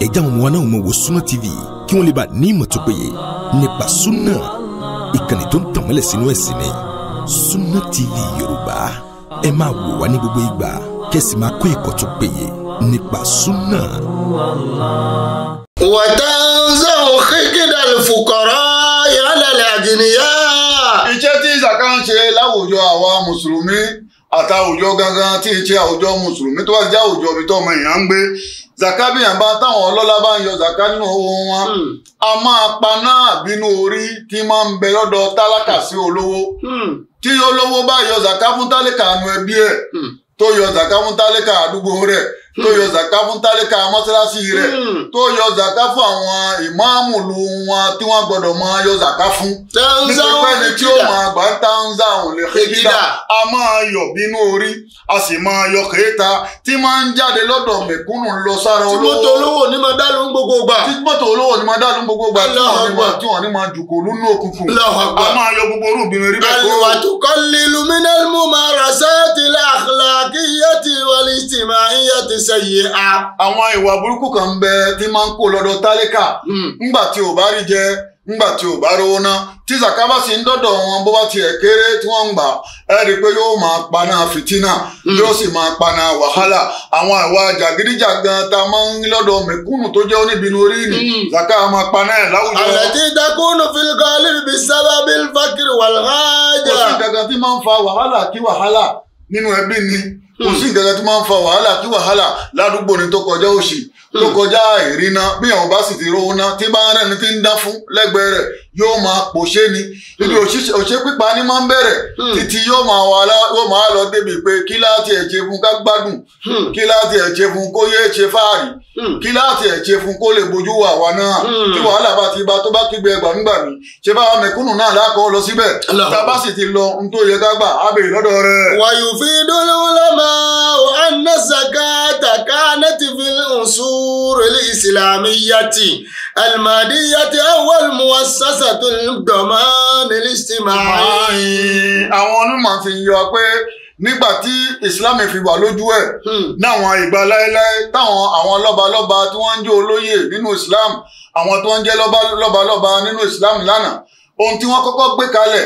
ẹ jẹ́ àwọn ọmọ wa náà máa wo TV kí wọ́n lè bá ní ìmọ̀ tó péye nípa sunna ìkànnì tó ń tàn mọ́lẹ̀ sínú ẹ̀sìn ni Sunna TV Yorùbá ẹ máa wò wá ní gbogbo ìgbà kẹ́sì máa kó ẹ̀kọ́ tó péye nípa Sunna. wàtánsá òkèkédà lè fòkọ̀rọ̀ ìrànlẹ̀ àjìníyá. iṣẹ́ tí ìsàkà ń ṣe láwùjọ àwa mùsùlùmí àtàwùjọ gangan tí ń àwùjọ mùsùlùmí tó bá ti jẹ́ àwùjọ ibi tó ọmọ èèyàn ń gbé zaka bí yàn bá táwọn ọlọ́lá bá ń yọ zaka nínú owó wọn hmm. a máa paná àbínú orí tí máa ń bẹ lọ́dọ̀ tálákà sí olówó hmm. tí olówó bá yọ zaka fún tálákà àánú ẹbí ẹ̀ hmm. tó yọ zaka fún tálákà àdúgbò rẹ̀ tó yọ zaka fún tálíkà mọ́sálásí rẹ̀ hmm. tó zaka fún àwọn ìmáàmù lu wọn tí wọ́n gbọ́dọ̀ máa yọ zaka fún. nítorí pé ẹni tí ó máa gbà ń ta ń záhùn lè a máa yọ bínú orí a sì máa yọ kéèta tí máa ń jáde lọ́dọ̀ mẹ̀kúnnù lọ sára olówó. tí mọ́tò olówó ni máa dálù ń gbogbo gbà. tí mọ́tò olówó ni máa dálù ń gbogbo gbà tí wọ́n ní máa ṣiṣẹ́ yìí a. àwọn ìwà burúkú kan ń bẹ tí máa ń kó lọ́dọ̀ tálíkà hmm. ńgbà tí ò bá rí jẹ ńgbà tí ò bá rówó ná tí zakaba ń dọ́dọ̀ wọn bó bá tiẹ̀ kéré tí wọ́n ń gbà ẹ rí i pé yóò máa paná fìtínà hmm. yóò sì máa paná wàhálà àwọn àwa jàgídíjàgan máa ń lọ́dọ̀ mẹ̀kúnnù tó jẹ́ oníbinú orí ni hmm. zaka máa paná ń ni. kò sí nǹkan tó máa ń fa wàhálà kí wàhálà ládùúgbò ni tó kọjá òṣì tó hmm. kọjá ìrìnà bí àwọn bá sì ti rówó ná tí bá ń rẹ́ni tí ń dá fún lẹ́gbẹ̀ẹ́ rẹ̀ yóò máa pòṣé ni ibi hmm. òṣè pípa ni máa ń bẹ̀rẹ̀ hmm. títí yóò máa wà yóò máa lọ débi pé kí láti ẹ̀ ṣe fún ká gbádùn hmm. kí láti ẹ̀ ṣe fún kó yé ṣe fáàrí kí láti ẹ̀ ṣe fún kó lè bójú wà wá náà kí wàhálà bá ti bá tó bá kígbe ẹgbàmígbà mi ṣe bá mẹ̀kúnnù náà lákọ lọ síbẹ̀ tábà sì ti lọ n tó yẹ ká gbà á bèrè lọ́dọ̀ rẹ̀. wàyù fi dúró lọ́mọ anasaka taka natifil nsúrẹ́lì ìsìlámíyàtì alimadiyàtì awọ́lùmọ́sás sàtún dọ̀mọ́ nílísìmọ̀ ayé. àwọn onímọ̀ fi yọ pé nígbà tí ìsìlámù fi wà lójú ẹ̀ náwọn hmm. ìgbà láéláé táwọn àwọn lọ́balọ́ba tí wọ́n ń jẹ́ olóyè nínú ìsìlámù àwọn tó ń jẹ́ lọ́balọ́ba nínú ìsìlámù lánàá ohun tí wọ́n kọ́kọ́ gbé kalẹ̀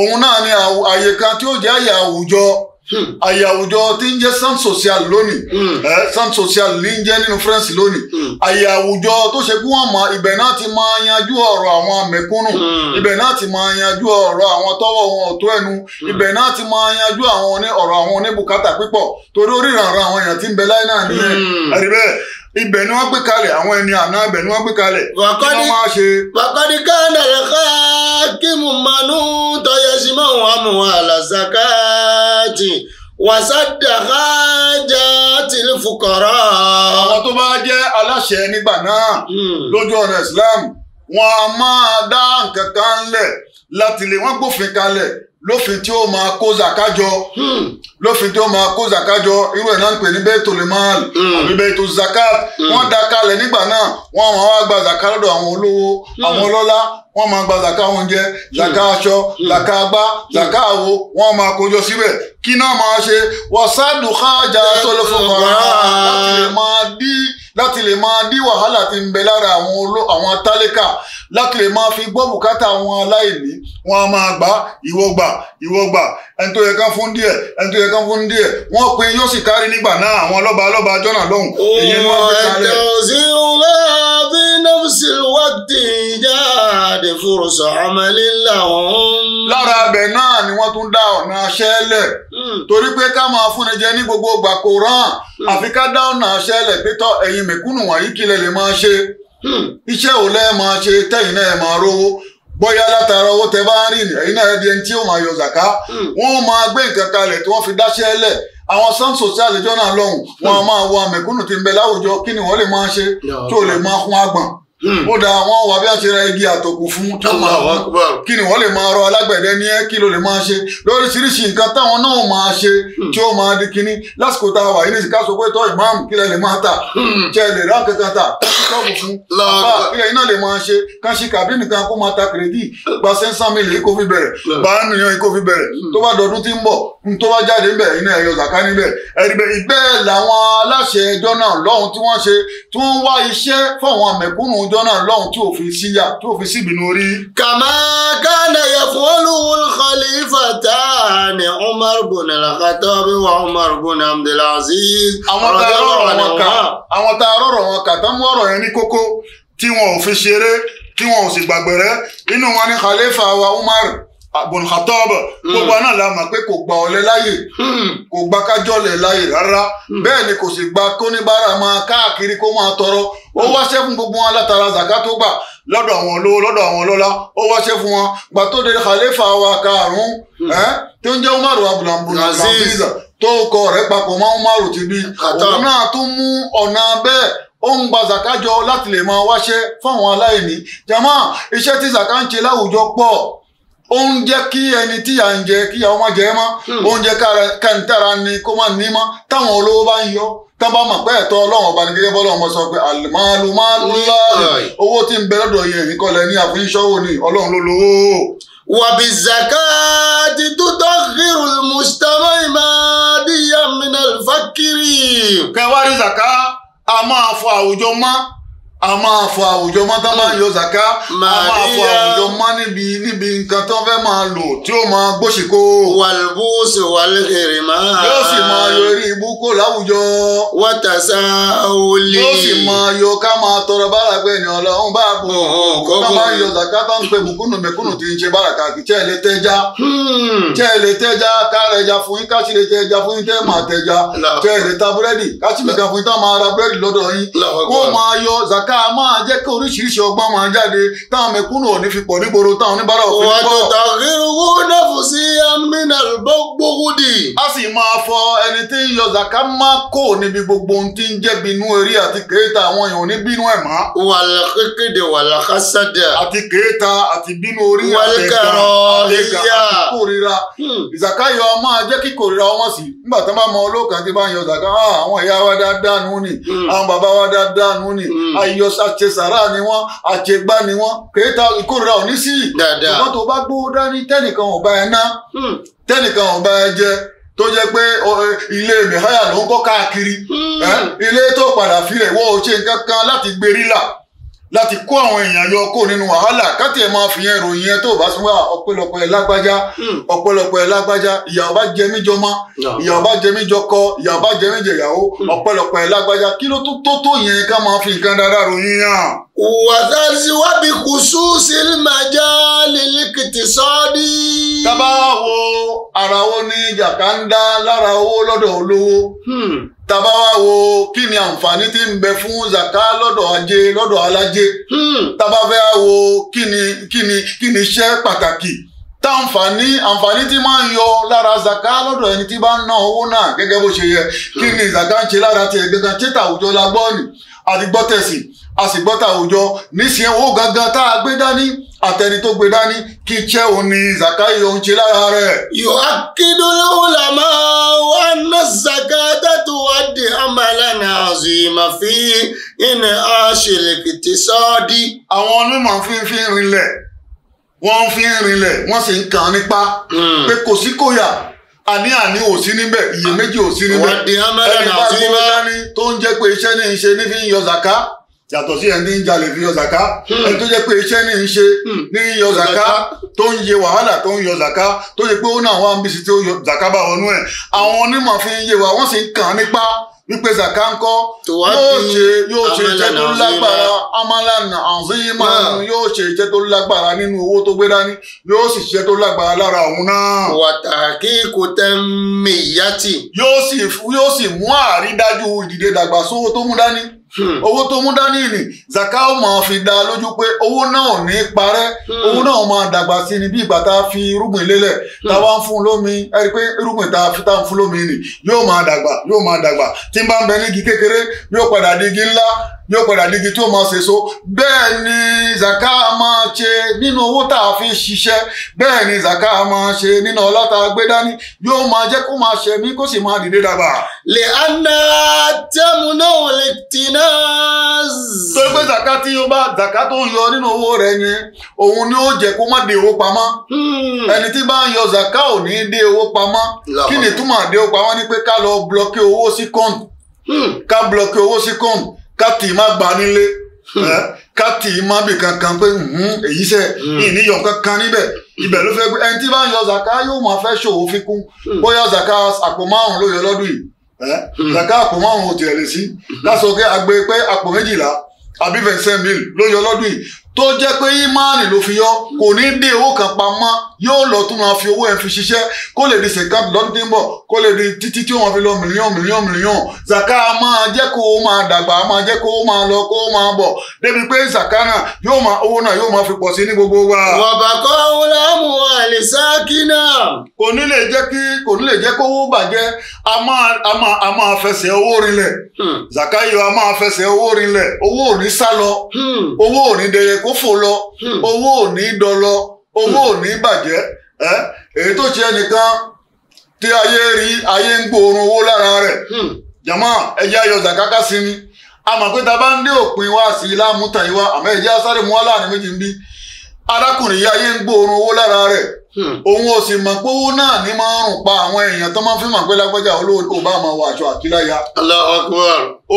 òun náà ni àyè kan tí ó jẹ́ àyè àwùjọ Hmm. àyè àwùjọ tí ń jẹ́ sans social lónìí hmm. sans social ní ń jẹ́ nínú France lónìí hmm. àyè àwùjọ tó ṣe kí wọ́n mọ ibẹ̀ náà ti máa yanjú ọ̀rọ̀ àwọn mẹ̀kúnnù ibẹ̀ náà ti máa yanjú ọ̀rọ̀ àwọn tọ́wọ́ wọn ò tó ẹnu ibẹ̀ náà ti máa yanjú àwọn àwọn oníbùkátà pípọ̀ torí oríran àwọn èèyàn ti ń bẹ láì nìyẹn àríbẹ́ ibẹ̀ ni wọ́n gbé kalẹ̀ àwọn ẹni àná ibẹ̀ ni wọ́n gbé kalẹ̀ kí wọ́n máa ṣe. wàkọ́dí káńdà lẹ́ka kí mo máa nú tọ́yẹ sí mọ́ àwọn àmọ́ àlàsàkáàtì wàsádàká jẹ́ tìlífùkọ̀rọ̀. àwọn tó bá jẹ́ aláṣẹ nígbà náà hmm. lójú ọ̀nà Islam wọn a máa dá nǹkan kan lẹ̀ láti wọ́n gbófin kalẹ̀ lófin tí ó máa kó zakájọ hmm. lófin tí ó máa kó zakájọ irú ẹ̀ náà ń pè ní bẹ́ẹ̀ tó lè máa hmm. àbí bẹ́ẹ̀ tó zakat hmm. wọ́n da kalẹ̀ nígbà náà wọ́n máa wá gba zakat lọ́dọ̀ àwọn olówó àwọn ọlọ́lá wọ́n máa gba zaka oúnjẹ zaka aṣọ zaka agbá zaka àwo wọ́n máa kójọ síbẹ̀ kí náà máa ṣe wàsádù kájà tó ló fún wa láti lè máa dí wàhálà tí ń bẹ lára àwọn tálíkà láti lè máa fi gbọ́ bùkátà wọn aláìní wọn a máa gbà ìwọ gbà ìwọ gbà ẹni tó yẹ kán fún díẹ̀ ẹni tó yẹ kán fún díẹ̀ wọ́n pe yóò sì kárí nígbà náà àwọn ọlọ́ba ọlọ́ba jọ́nà lọ́hùn ìyẹn ni wọ́n fi kalẹ̀. lára abẹ náà ni wọ́n tún dá ọ̀nà aṣẹ́lẹ̀ hmm. torí pé ká máa fúnni jẹ ní gbogbo gbàkóràn hmm. àfi ká dá ọ̀nà aṣẹ́lẹ̀ pé tọ́ ẹ̀yin mẹ̀kúnnù wọ̀nyí kílẹ̀ lè máa ṣe. Hmm. iṣẹ́ ò lẹ́ẹ̀ máa ṣe tẹ́yìn náà máa rówó bóyá látara owó tẹ bá ń rìn ẹ̀yin náà ẹbí ẹni tí ó máa yọ zàká hmm. wọ́n máa gbé nǹkan kalẹ̀ tí wọ́n fi dáṣẹ́ lẹ̀ àwọn sam social jọ́nà lọ́hùn wọn a hmm. máa wo àmẹ̀kúnnù tí ń bẹ láwùjọ kí ni wọ́n lè máa ṣe tí ò lè máa fún àgbọ̀n. Hmm. ó da wọn wà bí a ṣe ra igi àtòkù fún táwọn kí ni wọ́n lè máa rọ alágbẹ̀dẹ ní ẹ́ kí ló lè máa ṣe lóríṣiríṣi nǹkan táwọn náà máa ṣe hmm. tí ó máa di kínní lásìkò tá a wà yìí nìkan sọ pé tọ́ ìmáàmù kílẹ̀ lè máa tà jẹ́ hmm. lè rà kankan tà tọ́ọ̀bù fún bàbá kílẹ̀ iná lè máa ṣe kan ṣe kàbí nìkan kó máa ta kìrìdì gba sẹ́ńsàmìlì kó fi bẹ̀rẹ̀ bá nìyàn kó fi bẹ̀rẹ̀ tó bá dọ̀dún tí ń bọ̀ tó bá jáde níbẹ̀ iná ẹ̀yọ zaka níbẹ̀ ẹ̀ríbẹ̀ ìbẹ́ làwọn aláṣẹ ẹjọ́ náà lọ́hùn tí wọ́n ṣe tí wọ́n wá iṣẹ́ fáwọn mẹ̀kúnnù ẹjọ́ náà lọ́hùn tí òfin síyà tí òfin síbìnú rí. kàmá kánà yẹfọ́lù khalifatani umar bin al-khattab wa umar bin abdulaziz. àwọn tá a rọrọ wọn kà àwọn tá a rọrọ wọn kà tán mú yẹn ní kókó tí wọn ò fi ṣeré tí wọn ò sì gbàgbẹrẹ inú wọn ni khalifa wa umar Ibn Khattab hmm. gbogbo náà la mọ̀ pé kò gba ọ̀lẹ láyè hmm. kò gba kájọ́lẹ̀ láyè rárá hmm. bẹ́ẹ̀ ni kò sì gba kóníbàárà máa káàkiri kó máa tọrọ ó wáṣẹ́ fún gbogbo wọn látara zaka tó gbà lọ́dọ̀ àwọn olówó lọ́dọ̀ àwọn ọlọ́lá ó wáṣẹ́ fún wọn gbà tó de khalifa wa karùn-ún tó ń jẹ́ Umaru abdulhamid aziz tó kọ rẹ̀ papọ̀ mọ́ Umaru ti bí òun náà tún mú ọ̀nà bẹ́ẹ̀ ó ń gba zakajọ láti lè máa wáṣẹ́ fáwọn aláìní jama iṣẹ́ tí zaka ń ṣe láwùjọ pọ̀ ó ń jẹ́ kí ẹni tíyà ń jẹ kí àwọn máa jẹ ẹ́ mọ́ hmm. ó ń jẹ́ kẹ́ńtàrà ni kó máa ní mọ́ táwọn olówó bá ń yọ tán bá mọ̀ pé ẹ̀tọ́ ọlọ́run ọba ní gẹ́gẹ́ bọ́lọ́run mọ̀ sọ pé àlùmáàlùmáàlùláàrì hmm. owó tí ń bẹ lọ́dọ̀ yẹn èyí kọ́lẹ̀ ní àfúnṣọ́wò ni ọlọ́run ló lówó. wàbí zakati dúdọ̀ hírù mùsùlùmí ìmáàdìyà mìnàlfàkìrì. kẹwàá rí zaka a máa fọ àwùjọ mọ́ a máa fọ àwùjọ mọ́ tán máa ń yọ zaka a máa fọ àwùjọ mọ́ níbi níbi nǹkan tán fẹ́ máa lò tí ó máa gbóṣìkò. wàlúbùsì wàlúkèrè máa. yóò sì máa yọ eré ibú láwùjọ. wàtàṣà olè. yóò sì máa yọ ká máa tọrọ bára pé ènìyàn bá bò ó ká máa yọ zaka tán pé mùkúnnù mẹkúnnù ti ń ṣe bára kàkì tí ẹ lè tẹja. Hmm. tí ẹ lè tẹja ká rẹ ẹja fún yín ká sì lè tẹ fún yín tẹ ká máa jẹ́ kí oríṣiríṣi ọgbọ́n máa jáde táwọn mẹ̀kúnnù òní fi pọ̀ nígboro táwọn oníbàárà òfin pọ̀. wàtòtà ríruwú nẹ́fù sí aminal gbógúdì. a sì máa fọ ẹni tí ń yọ zaka máa kó níbi gbogbo ohun tí ń jẹ́ bínú eré àti kéèta àwọn èèyàn ní bínú ẹ̀ mọ́. wàlà kékeré wàlà kásádà. àti kéèta àti bínú orí àtẹ̀gbà àtẹ̀gbà àti kórira. ìzàká hmm. yọ máa jẹ́ kí kórira wọn sì zaka àwọn ìyá wa dáadáa nù ni hmm. àwọn bàbá ẹyọ àṣesàrà ni wọ́n àṣegbá ni wọ́n kèéta ìkórira ò ní sí i ṣùgbọ́n tó bá gbówó dání tẹ́nìkan ò bá ẹ ná hmm. tẹ́nìkan ò bá ẹ jẹ tó jẹ́ pé ilé mihaya ló ń kọ́ káàkiri hmm. ilé tó padà fi rẹ̀ wọ́n ò ṣe nǹkan kan láti gbérí là láti kó àwọn èèyàn yọ kó nínú wàhálà káti ẹ̀ máa fi yẹn ròyìn yẹn tó bá sún wá ọ̀pọ̀lọpọ̀ lágbájá hmm. ọ̀pọ̀lọpọ̀ lágbájá ìyàwó bá jẹ mí jọmọ ìyàwó bá jẹ mí jọkọ ìyàwó bá jẹ mí jẹyàwó hmm. ọ̀pọ̀lọpọ̀ lágbájá kí ló tó tó yẹn ká máa fi nǹkan dáadáa ròyìn yẹn. wàtàsí wá bí kùsù sílmàjá lílíkìtì sọ́ọ́dí. tábà wo ara wo ni jàkà ń dá lára owó lọ́dọ̀ olówó. Hmm tàbá wá wo kí ni àǹfààní tí ń bẹ fún zaka lọ́dọ̀ ajé lọ́dọ̀ alájé hmm. tàbá fẹ́ wo kí ni kí ni kí ni iṣẹ́ pàtàkì táǹfààní àǹfààní tí máa ń yọ lára zaka lọ́dọ̀ ẹni tí bá ń ná owó náà gẹ́gẹ́ bó ṣe yẹ kí ni zaka ń ṣe lára tiẹ̀ gẹ́gẹ́ tí tàwùjọ la gbọ́ nì àti gbọ́ tẹ̀sìn a sì gbọ́ tàwùjọ nísìnyẹn owó gangan tá a gbé dání àtẹni tó gbé dání kí iṣẹ́ òun ni zakai òun ṣe lára rẹ̀. yóò akíndúlé wùlámà wà ná zakata tó wá di amalana azima fi iná aṣèlèkìtì sọ́ọ́dí. àwọn onímọ̀ fi ń fi rinlẹ̀ wọ́n fi ń rinlẹ̀ wọ́n sì ń kàn án nípa hmm. pé kò sí kòyà àní àní ò sí níbẹ̀ iyèméjì ò sí níbẹ̀ ẹni bá gbówó dání tó ń jẹ́ pé iṣẹ́ ní í ṣe ní fi ń yọ zàká yàtọ̀ sí ẹni ń jalè fi yọ zàká hmm. ẹni tó jẹ́ pé iṣẹ́ ní í ṣe hmm. ní í yọ zàká tó ń yẹ wàhálà tó ń yọ zàká tó yẹ pé ó náà wá ń bí si tí yọ zàká bá wọnú ẹ̀ àwọn onímọ̀ fi ń yé wa wọ́n sì ń kàn án nípa wípé zaka ń kọ́ yóò ṣe yóò ṣe jẹ́ tó lágbára amalan azima yóò ṣe jẹ́ tó lágbára nínú owó tó gbé dání yóò sì ṣe tó lágbára lára òun náà. wàtà kí kò tẹ́ mẹ́yàtì. yóò sì mú àrídájú ìdìde dàgbàsówó tó mú dání. Hmm. owó tó mú dání ni zaka ó máa fi dá lójú pé owó náà ní parẹ́ hmm. owó náà máa dàgbà sí ni bí ìgbà tá a fi irúgbìn lélẹ̀ tá a hmm. wá ń fún lómi ẹ rí i pé irúgbìn tá a fi tá a ń fún lómi ni yóò máa dàgbà yóò máa dàgbà tí n bá ń bẹ ní igi kékeré yóò padà di igi ńlá yóò padà dígí o máa ṣèso bẹ́ẹ̀ ni zaka máa ṣe nínú owó tá a fi ṣiṣẹ́ bẹ́ẹ̀ ni zaka máa ṣe nínú ọlá tá a gbé dání yóò máa jẹ́ kó máa ṣe mí kó sì máa dìde dàgbà. lè ana tẹ́mu náà lè tìǹà. tó gbé zaka tí o bá zaka tó ń yọ nínú owó rẹ yẹn òun ni ó jẹ́ kó má de owó pamọ́ hmm. ẹni tí bá ń yọ zaka ò ní de owó pamọ́ kí ni túmọ̀ de owó pamọ́ ni pé ká lọ blọkí owó sí kọ́ọ̀nù hmm. ká blọkí owó sí kọ́ọ̀nù káàtì má gba nílé hmm. káàtì má bì kankan pé hmm, èyí ṣe hmm. ìníyọ kankan níbẹ̀ ibẹ̀ ló fẹ́ gbé ẹni tí bá ń yọ zaka yóò máa fẹ́ ṣòwò fikún bóyá zaka àpò márùn-ún ló yọ lọ́dún yìí zaka àpò márùn-ún ò tilẹ̀ lè sí láṣọ pé àgbẹ̀ pé àpò méjìlá àbí fẹsẹ̀ mil ló yọ lọ́dún yìí tó jẹ́ pé ìmánì ló fi yọ kò ní dé owó kan pamọ́ yóò lọ tún máa fi owó ẹ̀ fi ṣiṣẹ́ kó lè di sẹ̀ká lọ́dún tí ń kó lè di títí tí wọ́n fi lọ mílíọ̀n mílíọ̀n mílíọ̀n zaka máa jẹ́ kó o máa dàgbà máa jẹ́ kó o máa lọ kó o máa bọ̀ débi pé zaka náà yóò máa owó náà yóò máa fi pọ̀ sí ní gbogbo wa. bàbá kọ́ ọ̀làmù àlìsáàkì náà. kò ní lè jẹ́ kí kò ní lè jẹ́ kó owó bàjẹ́ a máa a máa fẹsẹ̀ owó rinlẹ̀ hmm. zaka yìí a máa fẹsẹ̀ owó rinlẹ̀ owó ò ní sálọ hmm. owó ò ní dẹyẹ kó fò lọ hmm. owó ò ní dọlọ owó ò hmm. ní bàjẹ́ èyí tó ṣe ẹnìkan tí ayé rí ayé ń gbòòrùn owó lára rẹ̀ hmm. jàmọ́ ẹ̀jẹ̀ ayọ̀ zakaka sí ni a mọ̀ pé ta bá ń dé òpin wá sí i láàmú tàn yín wá àmọ́ ẹ̀jẹ̀ asáré mu wá láàrin méjì ń bí arákùnrin yìí ayé ń gbóòórùn owó lára rẹ̀ hmm. òun ò sì mọ̀ pé owó náà ní máa ń rùn pa àwọn èèyàn tó máa ń fi mọ̀ pé lágbájá olóòdò bá máa wọ aṣọ àkíláyà. Allahu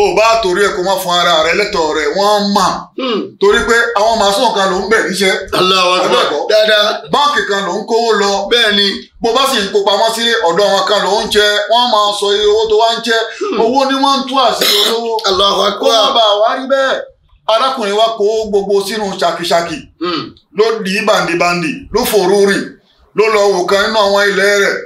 o bá torí ẹ kó má fún ara rẹ lẹ́tọ̀ọ́ rẹ wọ́n mà hmm. torí pé àwọn màsán kan ló ń bẹ̀ níṣẹ́. Allahu Akbar dáadáa. báńkì kan ló ń kówó lọ. bẹ́ẹ̀ni. bó bá sì ń kó pamọ́ sí ọ̀dọ̀ wọn kan ló ń jẹ wọ́n máa sọ iye owó tó wá ń jẹ hmm. owó ni wọ́n ń tú àṣírí olówó. kó má bàa wá rí bẹ́ẹ̀ arákùnrin wa kó gbogbo sínú ṣakíṣakí hmm. ló di bàǹdìbàǹdì ló fòrú rì ló lọ wò kan nínú àwọn ilẹ̀ rẹ̀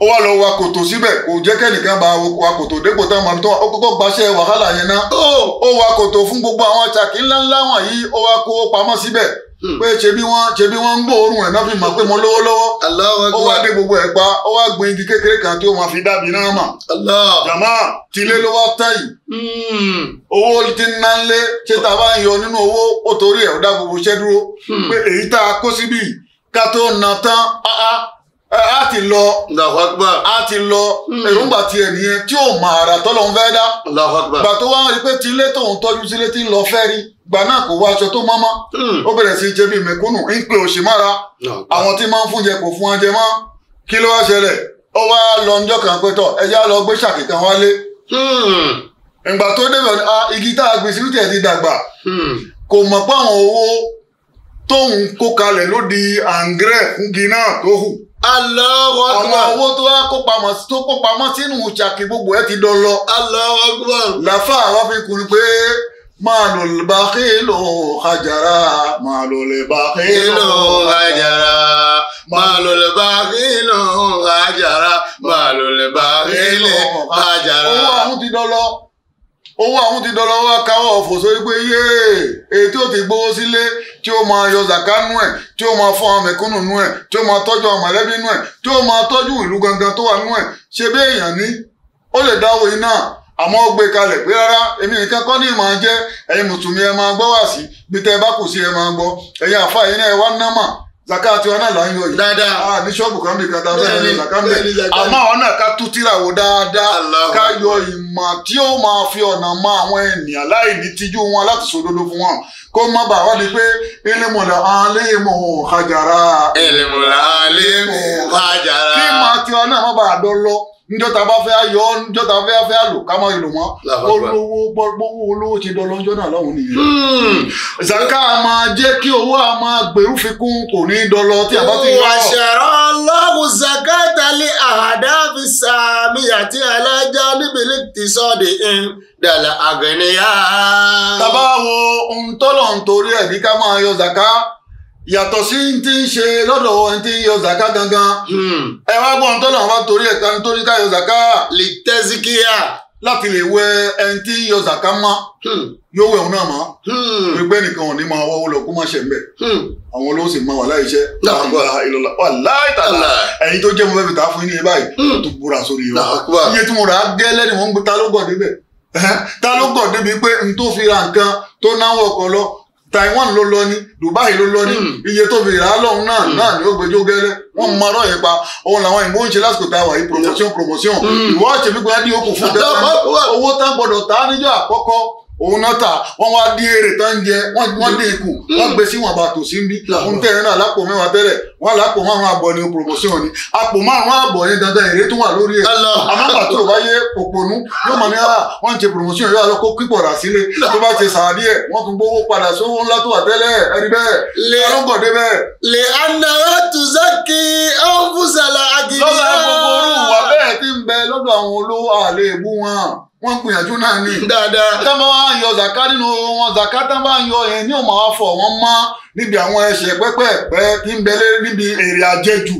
ó wá lọ wa kòtò síbẹ̀ kò jẹ́ kẹ́nìkan bá wa kòtò dépò táwọn àmì tó wà ó kọ́kọ́ gbaṣẹ́ wàhálà yẹn ná oh! ó wa kòtò fún gbogbo àwọn ṣakí ńláńlá wọ̀nyí ó wá kó pamọ́ síbẹ̀ Hmm. pé ṣebí wọn ṣebí wọn ń gbóòórùn ẹ̀ náà fi mọ̀ pé mo lówó lọ́wọ́ ó wá dé gbogbo ẹ̀ pa ó wá gbin igi kékeré kan tí ó máa fi dàbí náà mà jàmá tilé ló wá tán yìí hmm. owó ti ń nánlé ṣé tá bá ń yọ nínú owó ó torí ẹ̀ ó dá gbogbo iṣẹ́ dúró hmm. pé èyí tá a kó síbi ká tó na tán a ti lọ. Allahu Akbar. a ti lọ. Hmm. èròǹgbà tiẹ̀ nìyẹn tí ò mọ àrà tọ́lọ̀ ń fẹ́ dá. Allahu Akbar. gbà tó wá rí pé tilé tóun tọ́jú sílé tí ń lọ fẹ́ rí gbà náà kò wá aṣọ tó mọ́mọ́. Hmm. ó bẹ̀rẹ̀ sí jẹ́ bí mẹ̀kúnnù ń pè òṣì mára. àwọn tí máa ń fúnjẹ kò fún ajẹ mọ́. kí ló wá ṣẹlẹ̀ ó wá lọ ńjọ́ kan pé tọ̀ ẹ yá lọ gbé ṣàkìtàn wálé. Hmm. ìgbà tó débẹ̀ igi tá a gbèsè lùtẹ̀ ti dàgbà kò mọ̀ pé àwọn owó tóun kó kalẹ̀ ló di àǹgírẹ̀ náà tó hù. Allahu Akbar. àwọn owó tó wá kó pamọ́ tó kó pamọ́ sínú ìṣàkí gbogbo ẹ ti dán lọ. Allahu Akbar. làfà àwọn fi kúrú pé màlúù bàkìlù hajara màlúù bàkìlù hajara màlúù bàkìlù hajara màlúù bàkìlù hajara. owó àwọn ti dán lọ. owó àwọn ti dọ̀rọ̀ wá káwọ́ ọ̀fọ̀ sórí pé yéè èyí tí ó ti gbowó sílé tí ó máa yọ zàká nú ẹ̀ tí ó máa fún àwọn mẹ̀kúnnù nú ẹ tí ó máa tọ́jú àwọn mọ̀lẹ́bí nú ẹ̀ tí ó máa tọ́jú ìlú gangan tó wà nú ẹ̀ ṣe bí èèyàn ní ó lè dáwọ́ iná àmọ ó gbé kalẹ̀ pé rárá èmi nìkan kọ́ ní ìmọ̀ jẹ́ ẹ̀yin mùsùlùmí ẹ máa gbọ́ wá sí bí tẹ́ ẹ bá kù sí ẹ máa gbọ́ ẹ̀yin àfáà yìí náà ẹ wá ná mà zaka tiwa náà là ń yọ yìí dáadáa a ah, ní ṣọ́ọ̀bù kan bì kan dáadáa ní zaka ń bẹ̀ àmọ́ àwọn náà ká tú tírà wò dáadáa ká yọ ìmọ̀ tí ó máa fi ọ̀nà mọ àwọn ènìyàn láì ní tijú wọn láti sòdodo fún wọn kó má bàa wá di pé ilimula alimu hajara ilimula alimu hajara kí màá tiwa náà má bàa dọ́ lọ níjọ́ ta bá fẹ́ yọ ọ́ ta fẹ́ fẹ́ lò ká má lò mọ́ olówó gbogbo olówó ti dọ́ lọ́jọ́ náà lọ́hùn nìyẹn. Hmm. zaka máa jẹ́ kí owó a máa gbèrú fikún kò ní dọ́lọ tí a bá ti yọ. wàṣẹ̀rọ lọ́hùn zaka dalẹ̀ àdá fi sàmì àti alájà níbi tí sọ́ọ̀dì dàlà àgbẹ̀nìyà. tàbá wo ohun ẹ̀ ní ká máa yọ zaka yàtọ̀ sí ti ń ṣe lọ́dọ̀ wọn ti ń yọ zaka gangan hmm. ẹ wá gbọ́n tó náà wá torí ẹ̀ka nítorí ká yọ zaka lè tẹ́ síkíyà láti lè wẹ ẹni tí ń yọ zaka mọ́ hmm. yóò wẹ̀ òun náà mọ́ gbẹgbẹ́ hmm. nìkan ò ní máa wọ́wọ́ lọ kó ṣe ń bẹ̀ àwọn olówó sì máa wà láì wà láì tàlà tó jẹ́ mo fẹ́ fi tà fún yín ní báyìí tó búra sórí yìí wá iye tí mo rà á gẹ́lẹ́ ni wọ́n ń gbé ta ló gọ̀ débẹ̀ ta ló gọ̀ débi pé n tó fi Taiwan ló lọ ní Dubai ló lọ ní hmm. iye tó fi rà á lọ́hùn náà hmm. náà ni ó gbẹjọ gẹlẹ wọn mọ hmm. ọ̀rọ̀ yẹn pa òun làwọn ìmọ̀ ń ṣe lásìkò tá a wà yìí promotion promotion ìwọ àṣẹ gbígbó adé okùn fún tẹ́lẹ̀ owó tá gbọdọ̀ tá níjọ́ àkọ́kọ́ òun náà tà wọ́n wá dín èrè tá ń jẹ wọ́n dín ikù wọ́n gbé sí wọn àbàtò sí bí òun tẹ̀rẹ̀ náà lápò mẹ́wàá tẹ́lẹ̀ wọ́n lápò márùn àbọ̀ ni promotion ni àpò márùn àbọ̀ yẹn dandan èrè tó wà lórí ẹ̀ àmọ́ pàtó ò bá yẹ òpònú yóò mọ̀ ní ara ah, wọ́n ń promotion yóò lọ kó kíkọ̀ rà sílé tó bá ṣe sàárì ẹ̀ wọ́n tún gbówó padà sówó ńlá tó wà tẹ́lẹ̀ ẹni bẹ́ẹ̀ lè alóńgọ̀dé bẹ́ẹ̀. lè anára tùzákì ọ̀hún àgìrì wọ́n gbìyànjú náà ni. dáadáa. tẹ́ bá wá ń yọ zaka nínú wọn zaka tẹ́ bá ń yọ yẹn ní òun fọ̀ wọ́n mọ́ níbi àwọn ẹ̀ṣẹ̀ pẹ́pẹ́ẹ̀pẹ́ tí ń bẹ lérí níbi èrè àjẹjù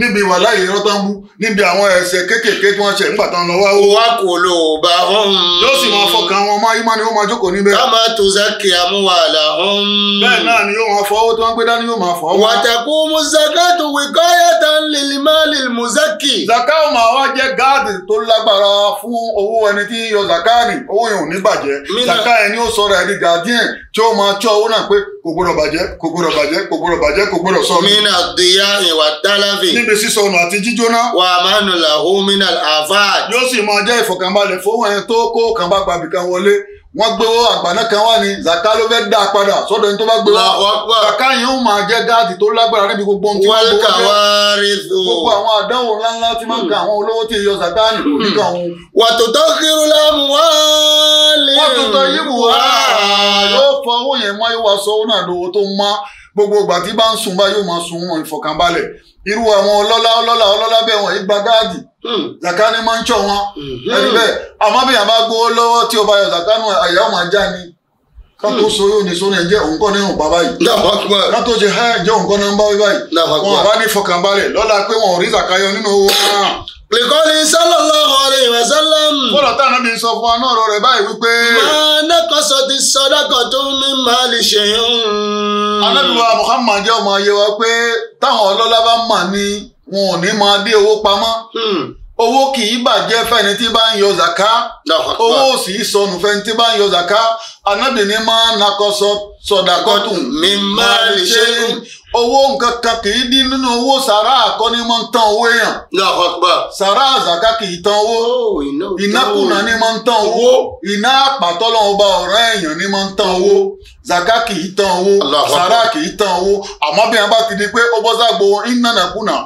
níbi ìwà láyé rọ́tánbù níbi àwọn ẹ̀ṣẹ̀ kéékèèké tí wọ́n ṣẹ̀ nígbà tán lọ́wọ́ o. wá kò lò bá hàn. yóò sì máa fọkàn wọn mọ imá ni ó máa jókòó níbẹ̀. ká máa tó sákè àmúwàlà hàn. bẹ́ẹ̀ náà ni yóò máa fọ owó tí wọ́n gbé dání yóò máa fọ. wàtàkù musakatu wikayatan lilimali musaki. zakao máa wá jẹ gáàdì tó lágbára fún owó ẹni tí yọ zakari owó yẹn ò ní bàjẹ́ kò gbọ́dọ̀ bàjẹ́ kò gbọ́dọ̀ bàjẹ́ kò gbọ́dọ̀ bàjẹ́ kò gbọ́dọ̀ sọnù. mina diya ìwà dalavi. níbi sísọnù àti jíjóná. wà á máa nù làhùn mina àfáà. yóò sì máa jẹ́ ìfọ̀kànbalẹ̀ fún ẹni tó kó kàn bá gbàbìkan wọlé wọ́n gbowó àgbàná kan wá ní zaka ló fẹ́ dá a padà sọ́dọ̀ ní tó bá gbowó zaka yìí ó máa jẹ́ gáàdì tó lágbára níbi gbogbo ohun tí wọ́n gbowó jẹ́ gbogbo àwọn àdánwò ńláńlá tí máa ń ka hmm. àwọn olówó tí yọ zaka ní kò ní kàn hmm. wọ́n. wàtòtò kiri la mú wá lè wá wàtòtò yìí mú wá yóò fọ owó yẹn mọ́ yóò wá sọ owó náà lówó tó ń mọ́ gbogbo ìgbà tí bá ń sùn bá yóò máa sùn wọn ìfọ̀kànbalẹ̀ irú àwọn ọlọ́lá ọlọ́lá ọlọ́lá bẹ́ẹ̀ wọ̀nyí gba gáàdì hmm. zaka ni máa ń tọ̀ wọn hmm. ẹni bẹ́ẹ̀ àmọ́ bí yàrá bá gbowó lọ́wọ́ tí o bá yọ zaka nù àyà ọmọ ajá ni ká tó hmm. so yóò ní so ní ẹjẹ òun kọ́ nínú bàbá yìí ká tó ṣe ẹ òun kọ́ nínú bàbá yìí wọn bá ní fọkànbalẹ̀ lọ́la pé wọn ò rí zaka nínú owó náà lèkọ́lì sallallahu alaihi wasallam. bọ́lá tá a nábì sọ fún wa náà rọ rẹ̀ báyìí wípé. máa nẹ́kọ̀sọ ti sọdọ́kọ̀ tó ń mi máa lè ṣe yún. anábìwá Muhammad jẹ́ ọmọ ayé wa pé táwọn ọlọ́lá bá mà ní wọn ò ní máa dé owó pamọ́. Hmm owó kì í bàjẹ́ fẹ́ni tí bá ń yọ zaka owó sì í sọnù fẹ́ni tí bá ń yọ zaka anábìíní máa ń nakọ sọdakọ́tù mi máa lè ṣe owó nǹkan kan kì í dín nínú owó sàrà àkọ́ni máa ń tán owó èèyàn sàrà àzàká kì í tán owó oh, ìnákùnà oh. ni máa ń tán owó iná àpàtọ́lọ́wọ́ bá ọ̀rọ̀ èèyàn ni máa ń tán owó zaka kì í tán owó sàrà kì í tán owó àmọ́ bí wọ́n bá ti di pé ó bọ́ iná nàkùnà.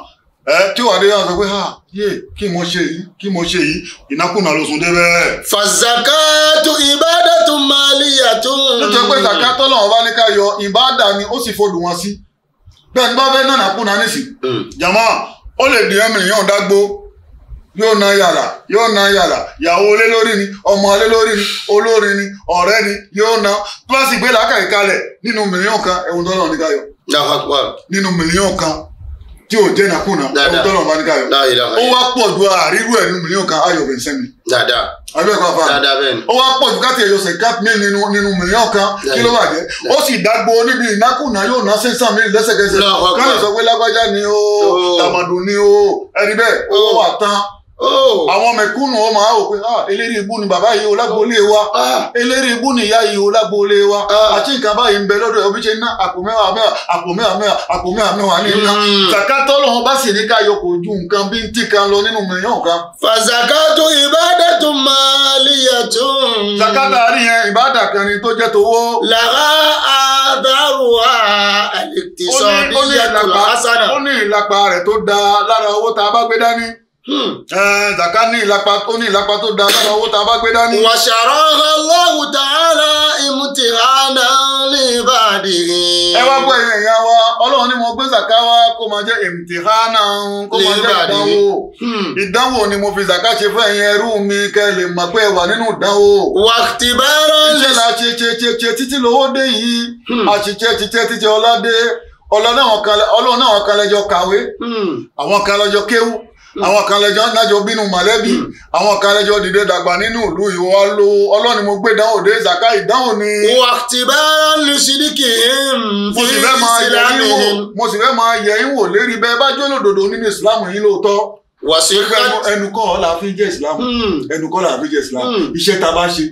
tíwádé náà sọ pé ha yé kí mo ṣe yìí kí mo ṣe yìí ìnákùnà ló sùn débẹ̀. fàṣàkàtú ìbádàtú nítorí pé ìbádà ni ó sì wọn sí bá náà nísì. Hmm. jàmọ́ ó lè yóò dágbó na yàrá yóò na yàrá olé lórí ni ọmọ olé lórí ni olórí ni ọ̀rẹ́ ni yóò na gbé làákàyè kan tó tí o jẹ́ nàkúnà o tọ́nà bá ní káyọ̀ ó wá pọ̀ ju àrírú ẹ̀ mílíọ̀nù kan ayọ̀ bẹ̀ sẹ́mi. dáadáa abẹ́ kọ́ afa ó wá pọ̀ ju káti ẹ̀yọ sẹ̀ká mi nínú nínú mílíọ̀nù kan kí ló wà jẹ́ ó sì dágbó níbi ìnákùnà yóò ná sẹ́sàn mi lẹ́sẹ̀kẹsẹ̀ káyọ̀ sọ pé lágbájá ni ó tàmàdù oh. ni ó ẹni bẹ́ẹ̀ ó oh. wà tán Oh. àwọn mẹ̀kúnnù ọmọ àwọn òpin ah, eléré ibú ni bàbá yìí olágbólé wa ah. eléré ibú ni ìyá yìí olágbólé wa ah. àti nǹkan báyìí ń bẹ lọ́dọ̀ ẹbí ṣe ná àpò mẹ́wàá mẹ́wàá àpò mẹ́wàá mẹ́wàá àpò mẹ́wàá mẹ́wàá ní iná hmm. sàkátọ́ lọ́wọ́n bá sì ní ká yọ kò ju nǹkan bí ń kan lọ nínú mìíràn kan. fàṣàkátó ìbádẹ́tù máa líyà tún. sàkátà rí yẹn ìbádà kan ni tó jẹ́ tówó. làrá àdárùwà àlètìsọ ní Hmm. Eh, zaka ní ìlapa tó ní ìlapa tó da lára owó tá a bá gbé dání. wàṣàrọ̀ Allahu ta'ala imtihana li ibadihi. ẹ wá gbọ́ ẹ̀yìn ẹ̀yà wa ọlọ́run ni mo gbé zaka wa kó máa jẹ́ imtihana kó máa jẹ́ ìdánwò hmm. ìdánwò ni mo fi zaka ṣe fún ẹ̀yin ẹrú mi kẹ́ lè mọ̀ pé ẹ wà nínú ìdánwò. wàtìbẹ́rẹ́ lè. ìṣẹ̀lẹ̀ àṣìṣe títí lówó dé yìí hmm. àṣìṣe títí títí ọlá dé ọlọ́run náà kan lẹ́jọ́ kàwé àwọn kan lọ́jọ́ kéwú Hmm. àwọn kan lẹjọ nájọ bínú mọ̀lẹ́bí hmm. àwọn kan lẹjọ dìde dàgbà nínú ìlú ìwọ ló ọlọ́ni mo gbé dánwò dé ìsàká ìdánwò ni. wà á ti bá lu sídìkì fún ìsìlámù. mo sì fẹ́ máa yẹ yín wò lérí bẹ́ẹ̀ bá jó lòdòdó nínú ìsìlámù yín lóòótọ́ ẹnu kọ́ la fi jẹ́ ìsìlámù hmm. ẹnu la fi jẹ́ ìsìlámù iṣẹ́ ta bá ṣe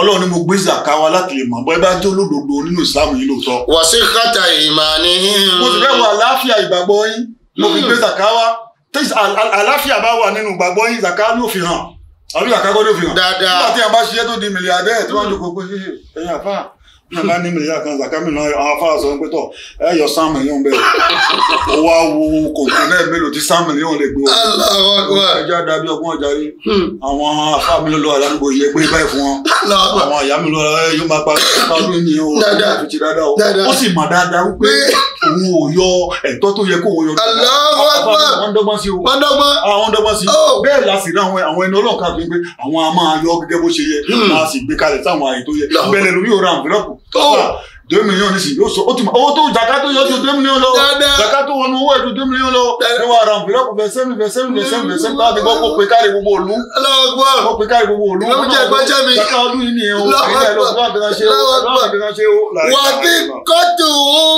ọlọ́run ni mo gbé zaka wa láti lè mọ̀ bẹ́ẹ̀ bá tó lódodo nínú ìsìlámù yìí lóòótọ́. wà sí kàtà ìmọ̀ ni. mo sì fẹ́ wà láàfíà ìgbàgbọ́ yín mo fi gbé zaka wa tí àlàáfíà bá wà nínú gbàgbọ́ yín ìzàká ló fi hàn àbí ìzàká kọ́ ló fi hàn. dáadáa nígbà tí a bá ṣiṣẹ́ tó di mílíọ̀dẹ́ẹ̀ tí wọ́n jòkó pé ẹ̀yìn àfáà nígbà ní mílíọ̀nù kan zakami náà àwọn afáà sọ pé tọ ẹ yọ sáà mílíọ̀nù bẹ́ẹ̀ o wá wo kòtò náà mélòó tí sáà mílíọ̀nù lè gbé o. Allahu Akbar. ẹja dàbí ọgbọ́n ọjà rí hmm. àwọn afáà mi lọ́wọ́ aládùúgbò yẹ pé báyìí fún wọn àwọn àyà mi lọ́wọ́ ẹ yóò máa pa pàrọ̀ ní o tó ti dáadáa o ó sì mà dáadáa wípé òun ò yọ ẹ̀tọ́ tó yẹ kó òun yọ. Allahu Akbar. wọ́n dọ́gbọ́n sí o wọ́n dọ́gbọ́n sí oh. bẹ́ẹ̀ la sì rí àwọn ẹni ọlọ́ọ̀ká tó ń gbé àwọn a máa yọ gẹ́gẹ́ bó ṣe yẹ máa hmm. sì gbé kalẹ̀ sáwọn àyè tó yẹ bẹ́ẹ̀ lẹ́nu yóò ra àǹfẹ́lọ́pù Tom! deux millions ici, ní sì yóò sọ ó ti mọ owó tó jàká tó yọ ju deux millions là, là là là là là là là là là là là pour pour lọ jàká tó wọnú owó là ju deux millions lọ ní là ra nfìlọ́pù fẹsẹ̀mù fẹsẹ̀mù fẹsẹ̀mù là láti gbọ́ kó pe káre là òlu kó pe káre gbogbo là jàká ọdún yìí nìyẹn o là ẹ lọ fún àbẹnáṣe o là àbẹnáṣe o. wà á fi là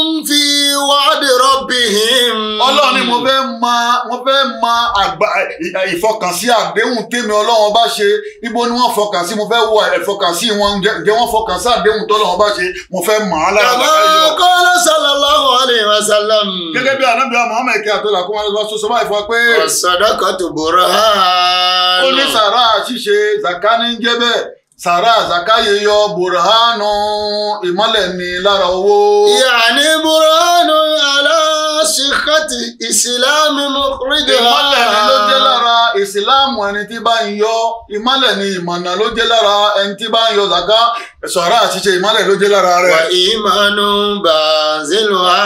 ń fi wàhádìí rọ́bì hìn. là ni mo fẹ́ ma mo là ma ìfọkànsí àdéhùn tèmi ọlọ́run là ṣe ibo ni wọ́n fọkànsí là fẹ́ wọ ìfọkànsí wọn jẹ́ là fọkànsí àdéhùn tọ́lọ́run bá ṣe là fẹ́ ma kọ́lá sallallahu alayhi wa sallam. gẹ́gẹ́ bí anabi Muhammad kí àtọ́lá kó wọn lọ sọ sọ́wọ́ ìfọ́ pé. sadaqatu burhan. ó ní sàrà ṣíṣe zaka ní jẹ́ bẹ́ẹ̀ sàrà zaka yíyọ burhanu ìmọ́lẹ̀ ní lára owó. yàní burhanu alá sìkàtì ìsìláàmù mọ̀kúrídì ha. ìmọ̀lẹ̀ ni ló jẹ́ lára ìsìláàmù ẹni tí bá ń yọ ìmọ̀lẹ̀ ìmọ̀nà ló jẹ́ lára ẹni tí bá ń yọ zaka sọ̀rọ̀ àṣìṣe ìmọ̀lẹ̀ ló jẹ́ lára rẹ̀. wà ìmọ̀nù bá zèlò á.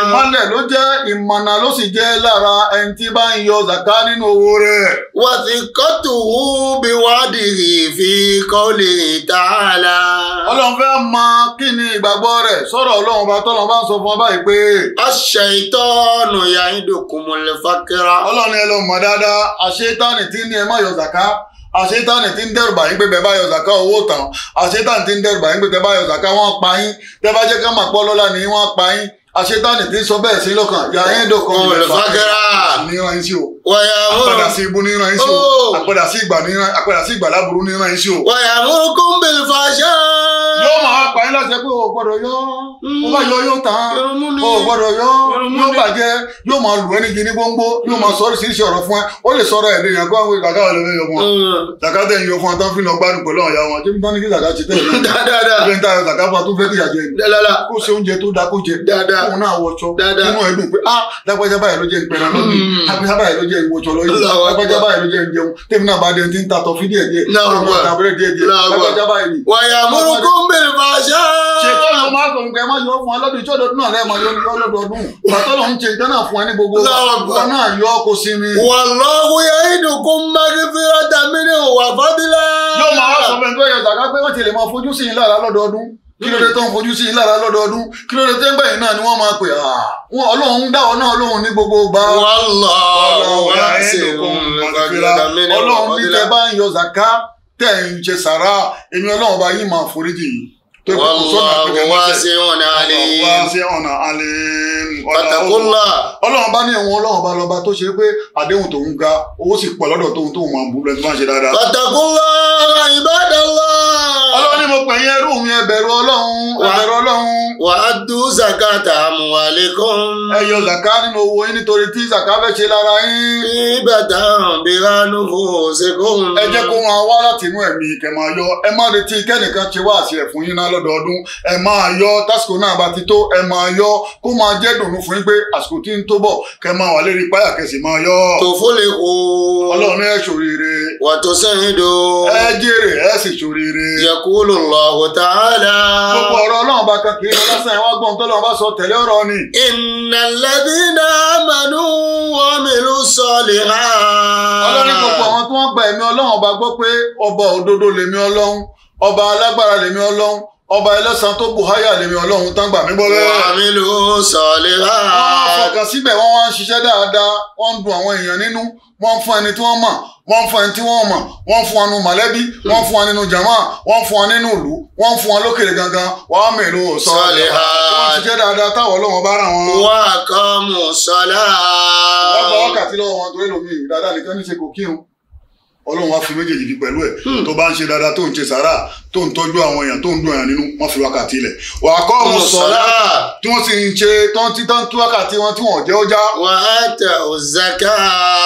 ìmọ̀lẹ̀ ló jẹ́ ìmọ̀nà ló sì jẹ́ lára ẹni tí bá ń yọ zaka nínú owó rẹ̀. wà sí kọ́tù wú bí wádìí fi kọ́lé tààlà. ọlọ́run fẹ́ mọ kí ni ìgbàgbọ́ rẹ̀ sọ̀rọ̀ ọlọ́run bá tọ́lọ́ bá ṣètọ́nù ya ìdòkùnmọ̀lẹ̀ fàkẹ́ra. ọlọ́ni ẹ ló mọ̀ dáadáa àṣetánì tí ní ẹ má yọ zàká àṣetánì tí ń dẹ́rù báyìí pé bẹ́ẹ̀ bá yọ zàká owó tán àṣetánì tí ń dẹ́rù báyìí pé bẹ́ẹ̀ bá yọ zàká wọ́n pa yín tẹ́ bá jẹ́ ká mà pọ́ lọ́la ni wọ́n pa yín àṣetánì tí ń sọ bẹ́ẹ̀ sí lọ́kàn yàrá yẹn dọ̀kan olùfàgẹ́rà níran yín sí o àpàdà sí ibú níran yín sí o oh! àpàdà sí ìgbà níran àpàdà sí ìgbà láburú níran yín sí o. wàyà kúńbè fàṣẹ. yóò máa pa yín láti ẹ pé o gbọ́dọ̀ yọ ó bá yọ yóò tán mm. o gbọ́dọ̀ yọ yóò bàjẹ́ yóò máa lù ẹ́ ní gidi gbóngbó yóò máa sọ oríṣiríṣi ọ̀rọ̀ fún ẹ ó lè sọ̀rọ̀ ẹ̀dẹ̀ yẹn kó àwọn ìgbàgbọ́ àwọn ẹlẹ́yọ fún ọ mm. zaka tẹ̀ ń yọ fún ọ tán fi lọ gbádùn pẹ̀lú ọ̀yà wọn tí mo bá ní kí zaka ti tẹ̀ yẹn dáadáa bí tó fẹ́ kí yà jẹ kó ṣe oúnjẹ tó dáa kó jẹ dáadáa òun náà wọṣọ nínú ẹdùn pé ah lágbájá báyìí ló jẹ ìpẹrẹ lọ́dún hmm. lágbájá báyìí ló jẹ ìwọṣọ lọ́yìn lágbájá báyìí ló jẹ ìjẹun tèmi náà bá dé ti ń ta tọ́fí díẹ̀ díẹ̀ lágbájá báyìí ni. wàyà múrukú ń bèrè bá a ṣá. ṣètò ló máa sọ nǹkan ẹ má yọ fún ọlọ́dún ìṣòro náà lẹ́ẹ̀mọ lọ́dọọdún bàtọ́ ló ń ṣe ìtọ́nà fún ẹ ní gbogbo wa náà yọ kó sinmi. wàlọ́wọ́ yẹ ìdùnkún mákìfìrọ́tà mí ni òwà fábílà. yóò máa sọ fẹ́ tó yẹ zàkà pé wọ́n ti lè máa fojú sí i lára lọ́dọọdún kí ló dé tó ń fojú sí lára lọ́dọọdún kí ló dé tó ń gbẹ̀yìn náà ni wọ́n máa pè á wọn ọlọ́run dá ọ náà lóhùn ní gbogbo ọba. wàhálà wàhálà ṣe ọlọ́run bí tẹ bá ń yọ zaka tẹ̀ ń ṣe sàrà èmi ọlọ́run bá yín máa foríjì yìí wàlláhu wasi'un alim. wasi'un alim. pàtàkùnlá. ọlọ́run bá ní ẹ̀wọ̀n ọlọ́run bá lọ́ba tó ṣe pé àdéhùn tòun ga owó sì pọ̀ lọ́dọ̀ tóun tóun máa ń búrẹ́ tó máa ń ṣe dáadáa. pàtàkùnlá ibadallah. ọlọ́run ní mo pè yín ẹrú mi ẹ bẹ̀rù ọlọ́run ẹ bẹ̀rù ọlọ́run. wà á dú zakata amwalikum. ẹ yọ zaka nínú owó yín nítorí tí zaka fẹ́ ṣe lára yín. ìbàdàn bíra nùfò ṣe kóhùn. ẹ jẹ́ kó wọn wá láti inú ẹ̀mí kẹ̀ máa yọ ẹ má retí kẹ́nìkan ṣe wá àṣẹ fún yín náà lọ́ lọ́dọọdún ẹ máa yọ tásìkò náà bá ti tó ẹ máa yọ kó máa jẹ́ dùnú fún yín pé àsìkò tí ń tó bọ̀ kẹ máa wà lérí páyà kẹsì máa yọ. tòfó lè wo. ẹ ṣòrire. wà tó sẹ́yìn do. ẹ jèrè ẹ sì ṣòrire. yaqulu Allahu ta'ala. gbogbo ọ̀rọ̀ ọlọ́run bá kan kì í ẹ̀ wá gbọ́n tó lọ́run bá sọ tẹ̀lé ọ̀rọ̀ ni. innal ladhina amanu wọ́n gba ẹ̀mí ọlọ́run ọba alágbára lèmi ọlọ́run ọba ẹlẹ́sàn tó bu háyà lèmi ọlọ́run tán gbà mí gbọ́ wà á mi ló sọ̀lẹ̀ rà. wọ́n fọkàn síbẹ̀ wọ́n wá ń ṣiṣẹ́ dáadáa wọ́n ń dun àwọn èèyàn nínú wọ́n ń fún ẹni tí wọ́n mọ̀ wọ́n ń fún ẹni tí wọ́n mọ̀ wọ́n ń fún wọn mọ̀lẹ́bí wọ́n ń fún wọn nínú jàmá wọ́n ń fún wọn nínú ìlú wọ́n ń fún wọn lókèrè gangan wà á mi ló sọ̀lẹ̀ rà. wọ́n ṣiṣẹ́ dáadáa ọlọ́run á fi méjèèjì di pẹ̀lú ẹ̀ hmm. tó bá ń ṣe dáadáa tó ń ṣe sàárà tó ń tọ́jú àwọn èèyàn tó ń dùn èèyàn nínú wọ́n fi wákàtí ilẹ̀ wà á kọ́ ọmọ sọ̀rá tí wọ́n sì ń ṣe tán tí tán tú wákàtí wọn tí wọ́n jẹ́ ọjà. wà á tẹ òzàká.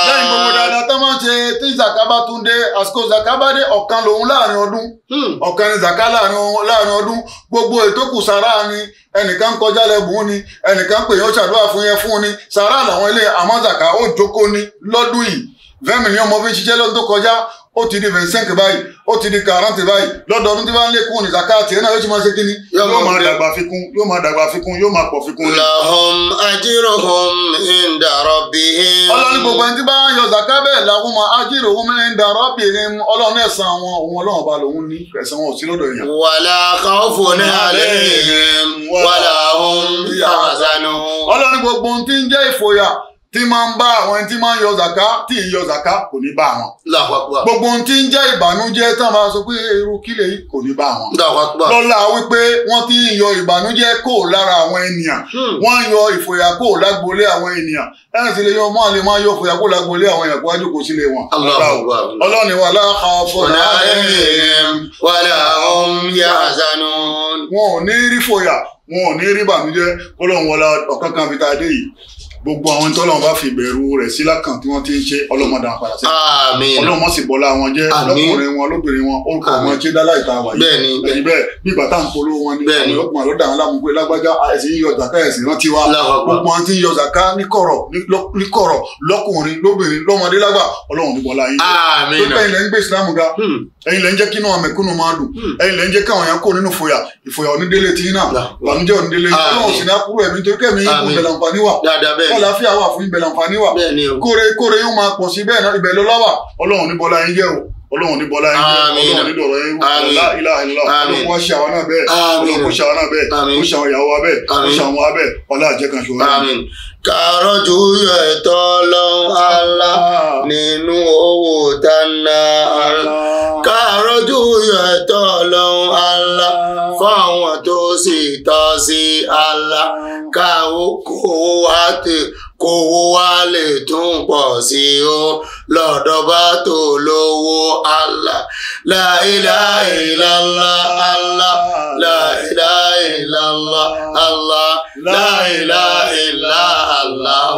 lẹ́yìn gbogbo dáadáa tán máa ń ṣe tí zaka bá tún dé àsìkò zaka bá dé ọ̀kan lòun láàrin ọdún hmm. ọ̀kan ni zaka láàrin ọdún gbogbo ètòkù sàárà ni ẹnìkan kọjá lẹ́bùn ni ẹnìkan pè yín ṣàdúrà fún yẹn fún ni sàárà làwọn ilé àmọ́ zaka ó jókòó ni lọ́dún yìí vingt million mo fi ṣiṣẹ́ lọ́dún tó kọjá ó ti di vingt cinq báyìí ó ti di quarante báyìí lọ́dọọdún tí wọ́n lé kún ní zakati náà yóò ti máa ṣe kí ni. yóò máa dàgbà fikún yóò máa dàgbà fikún yóò máa pọ̀ fikún. lahum ajiruhum inda rabbihim. ọlọ́run gbogbo ẹni tí bá ń yọ zaka bẹ́ẹ̀ lahum ajiruhum inda rabbihim ọlọ́run ẹ̀san wọn òun ọlọ́run ọba lòun ní ẹ̀san wọn ò sí lọ́dọ̀ èèyàn. wala khawfun alayhim wala hum yahzanun. ọlọ́run gbogbo ohun tí tí máa ń bá àwọn ẹni tí máa ń yọ zàká tí ì yọ zàká kò ní bá wọn. gbogbo ohun tí ń jẹ́ ìbànújẹ́ tán máa sọ pé irú kílẹ̀ yìí kò ní bá wọn. lọ́la wípé wọ́n ti ń yọ ìbànújẹ́ kò lára àwọn ènìyàn hmm. wọ́n yọ ìfòyà kò lágbolé àwọn ènìyàn ẹ̀rìn sì lè yọ mọ́ àlè máa yọ ìfòyà kò lágbolé àwọn èèyàn wájú kò sílé wọn. wọn ò ní rí wọn ò ní rí bànújẹ́ kọlọ́run wọlá ọ̀kánkán fi ta dé yìí gbogbo àwọn tọ́lọ́run bá fi bẹ̀rù rẹ̀ sí lákàn tí wọ́n ti ń ṣe ọlọ́mọdé àwọn padà sí. àmín ọlọ́mọ sì bọ́lá wọn jẹ́ lọ́kùnrin wọn lóbìnrin wọn orúkọ wọn ṣe dálá ìta wáyé. bẹ́ẹ̀ni bẹ́ẹ̀ni bẹ́ẹ̀ bí bàtà ń polówó wọn ni àwọn ọkùnrin àlọ́dà àwọn alámùgbé lágbájá ẹ̀sìn yíyọ zaka ẹ̀sìn rántí wa gbogbo àwọn tí yọ zaka níkọ̀rọ̀ níkọ̀rọ̀ lọ́kùnrin lóbìnrin lọ́mọdé lágbà ọlọ́run ní bọ́lá yín. àmín tó tẹ́yìn lẹ́ ń gbé ìsìlámù ga hmm. ẹ̀yin lẹ́ ń jẹ́ kínú àmẹ́kúnnù máa dùn hmm. ẹ̀yin lẹ́ ń jẹ́ káwọn yẹn kó nínú fòyà ìfòyà onídélé tí yín kàlàáfíà wà fún ibẹ̀ làǹfààní wà kóre kóre yóò máa pọ̀ sí bẹ́ẹ̀ náà ibẹ̀ lọ́lá wà ọlọ́run ní bọ́lá yín jẹ́ o ọlọ́run ní bọ́lá yín jẹ́ ọlọ́run ní dọ̀rọ̀ yín wà láìlá ìlọ ọlọ́run wá ṣe àwọn náà wa bẹ́ẹ̀ kó ṣe àwọn wa bẹ́ẹ̀ ọlá àjẹkàn ṣe wọlé. kàrọ́jù yọ ẹ̀tọ́ ọlọ́run alá ah. nínú owó tánà kàrọ́jù yọ ẹ̀t sì tọ́ sí Allah káwó kówó wá tè kówó wá lè tún pọ̀ sí o lọ́dọ̀ bá tó lówó Allah la ilaha illallah Allah la ilaha illallah Allah la ilaha illallah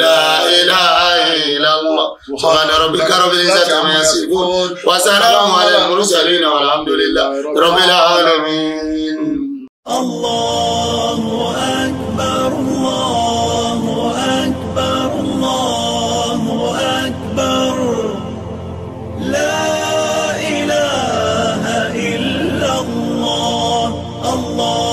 la ilaha illallah سبحان ربك رب العزة عما يصفون وسلام على المرسلين والحمد لله رب العالمين الله أكبر الله أكبر الله أكبر لا إله إلا الله الله